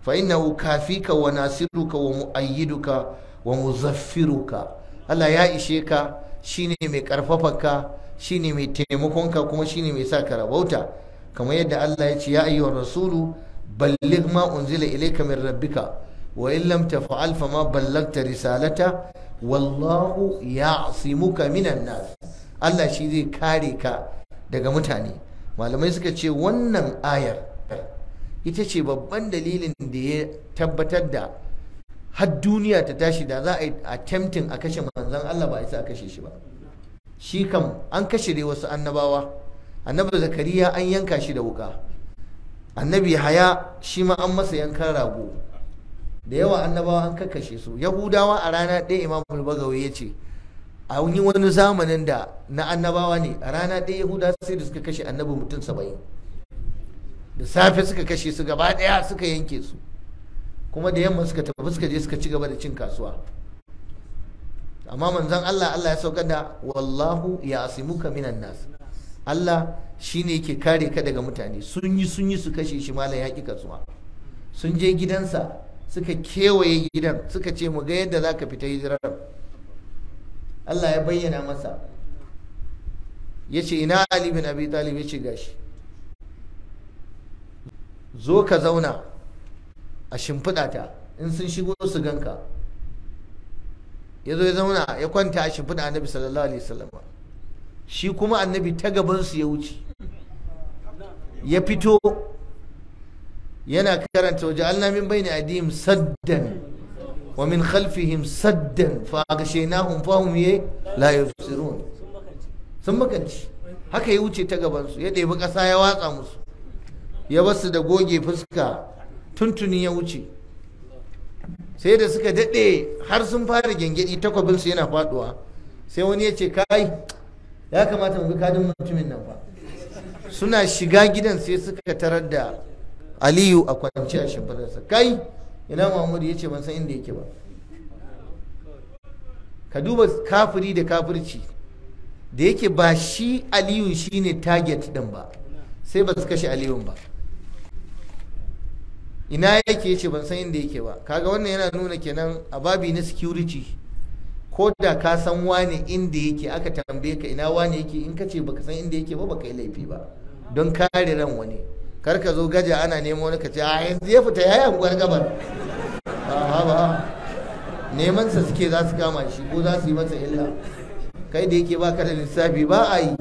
[SPEAKER 1] fa innahu kafika wa nasiruka wa muayyiduka wa muzaffiruka Allah ya ishe ka shine mai karfafarka shine mai taimakonka kuma shine mai sa ka rabauta kamar yadda Allah ya ce ya ayyuhar rasulu balligh ma unzila ilayka min rabbika wa in lam taf'al fa ma ballagta risalata wallahu ya'simuka minan nas Allah shi zai kare ka daga mutane malamai suka ce wannan ayar ita ce babban dalilin da ya tabbatar da har duniya ta tashi da za a yi attempting a kashe manzan Allah ba a isa kashe shi ba shi kam an kashe dai wasu annabawa annabi zakariya an yanka shi da wuka annabi haya shi ma an masa yankan rago da yawa annabawa an kakkashe su yahudawa a rana ɗaya imam bulbagawa ya ce a yi wani zamanin da na annabawa ne a rana ɗaya yahuda sai da suka kashe annabi mutum saba'in da safe suka kashe su gaba ɗaya suka yanke su kuma da yamma suka tafi suka je suka ci gaba da cin kasuwa amma manzon Allah Allah ya sauka da wallahu ya asimuka minan nas Allah shine yake kare ka daga mutane sun yi sun yi su kashe shi malam ya ki kasuwa sun je gidansa suka kewaye gidan suka ce mu ga yadda zaka fita hijirar Allah ya bayyana masa ya ce ina Ali bin Abi Talib ya ce gashi zo ka zauna a shimfiɗa ta in sun shigo su ganka ya zo ya zauna ya kwanta a shimfiɗa annabi sallallahu alaihi wasallam shi kuma annabi ta gabansu ya wuce ya fito yana karanta waje Allah min bayni adihim saddan wa min khalfihim saddan fa aghshaynahum fa hum la yubsirun sun makanci haka ya wuce ta gabansu ya ɗebi ƙasa ya watsa musu ya basu da goge fuska tuntunin ya wuce sai da suka daɗe har sun fara gyangyaɗi takwabinsu yana faɗuwa sai wani ya ce kai ya kamata mu bi kadin mutumin nan fa suna shiga gidan sai suka tarar da aliyu a kwanciya shimfidarsa kai ina muhammadu ya ce ban san inda yake ba ka duba kafiri da kafirci da yake ba shi aliyu ne target din ba sai ba su kashe aliyun ba ina yake ce ban san inda yake ba kaga wannan yana nuna kenan a babi na security ko da ka san wane inda yake aka tambaye ka ina wane yake in ka ce baka san inda yake ba baka yi laifi ba don kare ran wani kar ka zo gaja ana nemo wani ka ce a yanzu ya fita ya yi anguwar gabar a ba neman sa suke za su kama shi ko za su yi masa illa kai da yake baka da lissafi ba a yi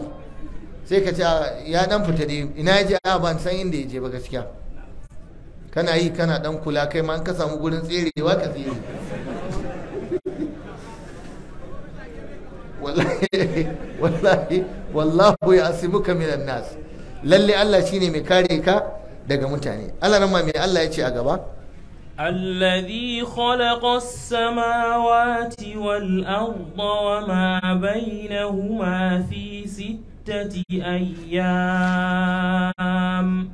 [SPEAKER 1] sai ka ce ya dan fita da ina ya je a ban san inda ya je ba gaskiya kana yi kana dan kula kai ma ka samu gurin tserewa ka tsere wallahi wallahi wallahu ya asimuka minan nas lalle Allah shine mai kare ka daga mutane Allah nan ma mai Allah ya ce a gaba
[SPEAKER 2] الذي خلق السماوات والأرض وما بينهما في ستة أيام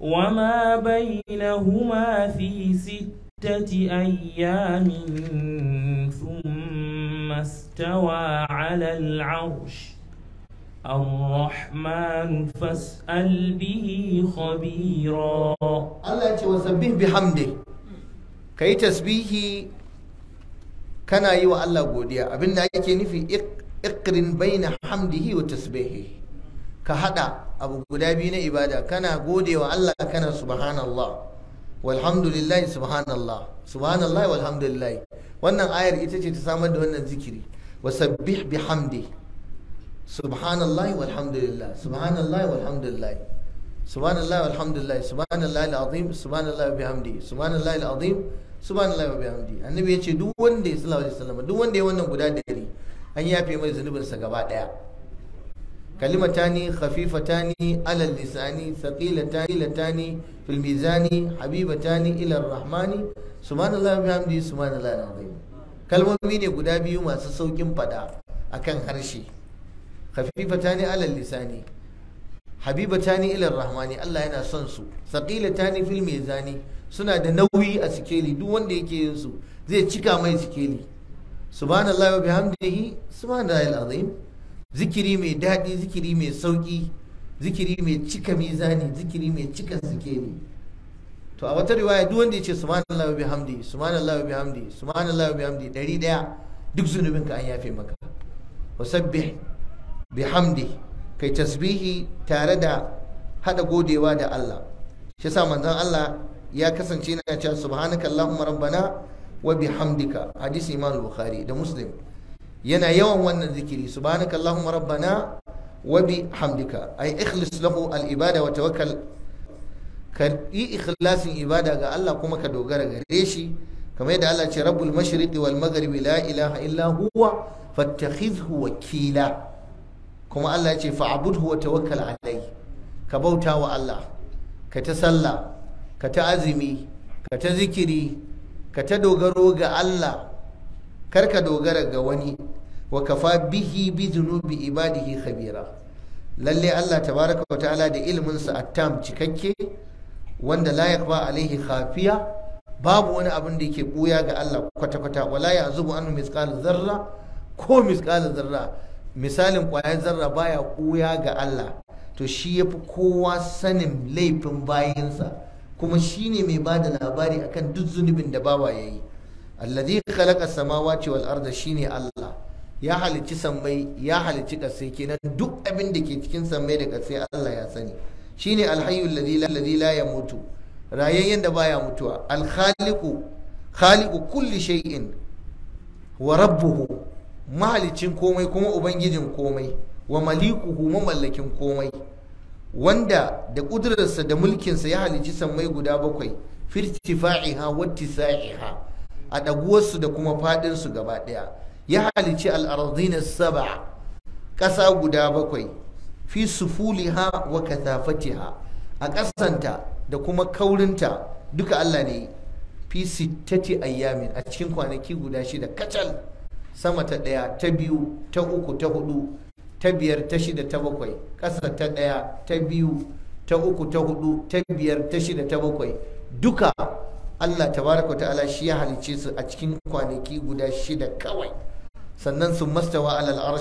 [SPEAKER 2] وما بينهما في ستة أيام ثم استوى على العرش الرحمن فاسأل به خبيرا الله يتي وسبح بحمده كي تسبيه
[SPEAKER 1] كان أيوة الله قوديا أبن يكي نفي اقرن بين حمده وتسبيحه كهذا أبو قدابين إبادة كان قودي والله كان سبحان الله والحمد لله سبحان الله سبحان الله والحمد لله wannan ayar ita ce ta samar da wannan zikiri wasabbih bihamdi subhanallah walhamdulillah subhanallah walhamdulillah subhanallah walhamdulillah subhanallah alazim subhanallah bihamdi subhanallah alazim subhanallah bihamdi annabi ya ce duk wanda ya sallallahu alaihi wasallam duk wanda ya wannan guda dari an yafe mai zunubin sa gaba daya kalimatani khafifatani alal lisani thaqilatani latani fil mizani habibatani ila arrahmani subhanallah bihamdi subhanallah alazim kalmomi ne guda biyu masu saukin fada akan harshe khafifatani alal lisani habibatani ilar rahmani Allah yana son su saqilatani fil mizani suna da nauyi a sikeli duk wanda yake yin su zai cika mai sikeli subhanallahi wa bihamdihi subhanallahi alazim zikiri mai daɗi zikiri mai sauki zikiri mai cika mizani zikiri mai cika sikeli to a wata riwaya duk wanda yace subhanallahi wa bihamdihi subhanallahi wa bihamdihi subhanallahi wa bihamdihi 100 duk duk ka an yafe maka wasabbih bihamdi kai tasbihi tare da hada godewa da Allah shi sa manzon Allah ya kasance yana cewa subhanaka allahumma rabbana wa bihamdika hadisi imam bukhari da muslim yana yawan wannan zikiri subhanaka allahumma rabbana wa bihamdika ay ikhlis lahu al ibada wa tawakkal ka yi ikhlasin ibada ga Allah kuma ka dogara gare shi kamar yadda Allah ce rabbul mashriqi wal maghribi la ilaha illa huwa fattakhidhu wakila kuma Allah ya ce fa'budhu wa tawakkal alai ka bauta wa Allah ka ta sallah ka ta azumi ka ta zikiri ka ta dogaro ga Allah kar ka dogara ga wani wa kafa bihi bi zunubi ibadihi khabira lalle Allah tabaraka wa ta'ala da ilminsa attam cikakke wanda la yakba alaihi khafiya babu wani abin da yake buya ga Allah kwata-kwata wala ya zubu annu mithqal zarra ko mithqal zarra misalin ƙwayar zarra baya ƙuya ga Allah to shi ya fi kowa sanin laifin bayansa kuma shi ne mai ba da labari akan duk zunubin da bawa ya yi Alladhi khalaqa samawati wal arda shine Allah ya halicci sammai ya halicci ƙasai kenan duk abin da ke cikin sammai da kasa Allah ya sani shine alhayyul ladhi la yamutu rayayyen da baya mutuwa alkhaliqu khaliqu kulli shay'in wa rabbuhu mahalicin komai kuma ubangijin komai wa kuma mallakin komai wanda da ƙudurarsa da mulkinsa ya halici sammai guda bakwai firtifa'iha wattisa'iha a ɗaguwarsu da kuma faɗinsu gaba ɗaya ya halici al'arzina saba ƙasa guda bakwai fi sufuliha wa kasafatiha a ƙasanta da kuma kaurinta duka Allah ne fi sittati ayyamin a cikin kwanaki guda shida kacal sama ta ɗaya ta biyu ta uku ta hudu ta biyar ta shida ta bakwai ƙasa ta ɗaya ta biyu ta uku ta hudu ta biyar ta shida ta bakwai duka Allah tabaraka ta'ala shi ya halice su a cikin kwanaki guda shida kawai sannan su mastawa alal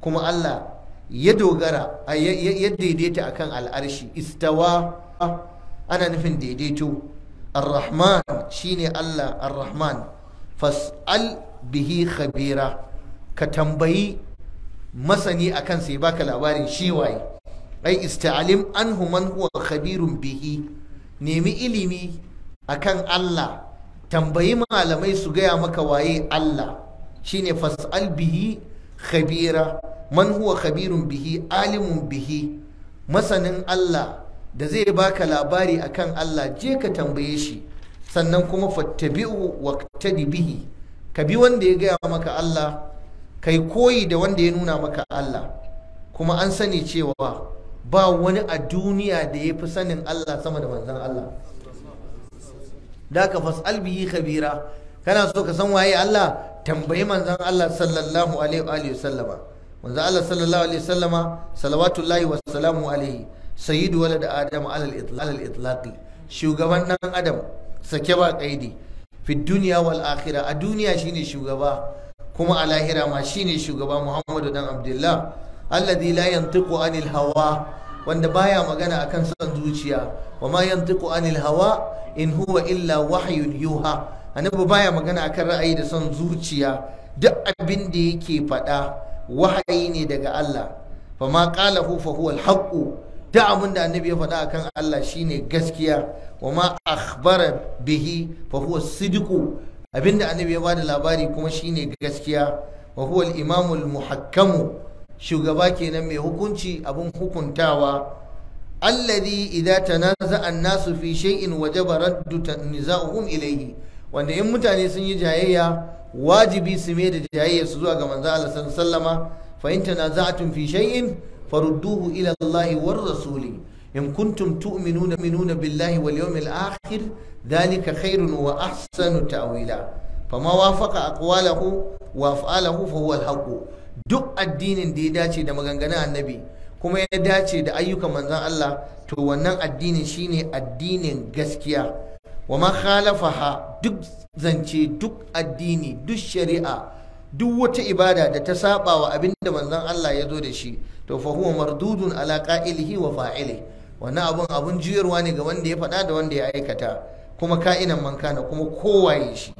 [SPEAKER 1] kuma Allah ya dogara ya daidaita akan al'arshi istawa ana nufin daidaito ar-rahman shine Allah ar-rahman fas'al bihi khabira ka tambayi masani akan sai baka labarin shi waye ai ista'alim anhu man huwa khabirun bihi nemi ilimi akan Allah tambayi malamai su gaya maka waye Allah shine fas'al bihi khabira man huwa khabirun bihi alimun bihi masanin Allah da zai baka labari akan Allah je ka tambaye shi sannan kuma fattabi'u wa bihi ka bi wanda ya gaya maka Allah kai koyi da wanda ya nuna maka Allah kuma an sani cewa ba wani a duniya da ya fi sanin Allah sama da manzan Allah da ka fas'al bihi khabira kana so ka san waye Allah tambayi manzan Allah sallallahu alaihi wa sallama manzan Allah sallallahu alaihi wa sallama salawatullahi wa salamu alaihi sayyidu walad adam alal itlaqi shugaban dan adam sake ba kaidi fi duniya wal akhira a duniya shine shugaba kuma a lahira ma shine shugaba Muhammadu dan Abdullah alladhi la yantiqu anil hawa wanda baya magana akan son zuciya wa ma yantiqu anil hawa in huwa illa wahyun yuha annabi baya magana akan ra'ayi da son zuciya duk abin da yake faɗa wahayi ne daga Allah fa ma qalahu fa huwa al da abin da annabi ya faɗa akan Allah shine gaskiya wa ma akhbara bihi fa huwa sidiku abinda annabi ya bada labari kuma shine gaskiya wa huwa al-imamul muhakkamu shugaba kenan mai hukunci abin hukuntawa alladhi idza tanaza'a an-nasu fi shay'in wajaba raddu niza'uhum ilayhi wanda in mutane sun yi jayayya wajibi su mai da jayayya su zuwa ga manzo Allah sallallahu alaihi wasallama fa in tanaza'tum fi shay'in farudduhu ila Allah war rasuli in kuntum tu'minuna minuna billahi wal yawmil akhir dhalika khairun wa ahsanu ta'wila fama wafaqa aqwalahu wa af'alahu fa huwa al duk addinin da ya dace da maganganun annabi kuma ya dace da ayyukan manzon Allah to wannan addinin shine addinin gaskiya wa ma duk zance duk addini duk shari'a duk wata ibada da ta saba wa abinda da manzon Allah ya zo da shi to fa huwa mardudun ala qa'ilihi wa fa'ili wannan abun abun juyarwa ne ga wanda ya faɗa da wanda ya aikata kuma ka'inan man kana kuma kowaye shi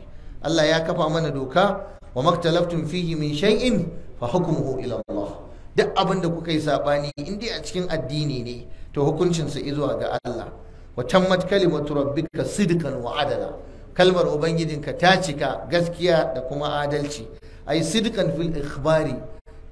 [SPEAKER 1] Allah ya kafa mana doka wa maktalaftum fihi min shay'in fa hukmuhu ila Allah duk abin da kuka yi sabani in dai a cikin addini ne to hukuncin sa zuwa ga Allah wa tammat kalimatu rabbika sidqan wa adala kalmar ubangijinka ta cika gaskiya da kuma adalci ay sidqan fil ikhbari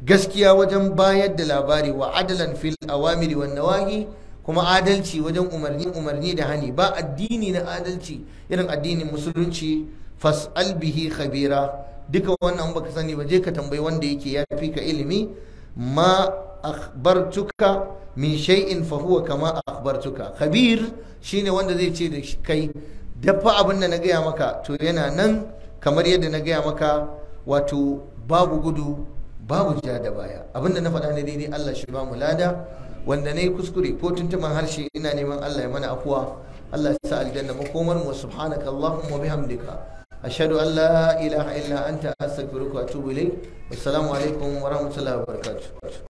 [SPEAKER 1] gaskiya wajen bayar da labari wa adalan fil awamiri wan nawahi kuma adalci wajen umarni umarni da hani ba addini na adalci irin addinin musulunci fas'al bihi khabira duka wannan baka sani ba je ka tambayi wanda yake ya fi ka ilimi ma akhbartuka min shay'in fa huwa kama akhbartuka khabir shine wanda zai ce da kai dafa abin da na gaya maka to yana nan kamar yadda na gaya maka wato babu gudu babu ja da baya abinda na faɗa ne daidai Allah shi ba mu lada wanda ne kuskure ko tuntuman harshe ina neman Allah ya mana afuwa Allah ya sa aljanna makomar mu subhanaka allahumma bihamdika ashhadu an la ilaha illa anta astaghfiruka wa atubu ilayk assalamu alaikum wa rahmatullahi wa barakatuh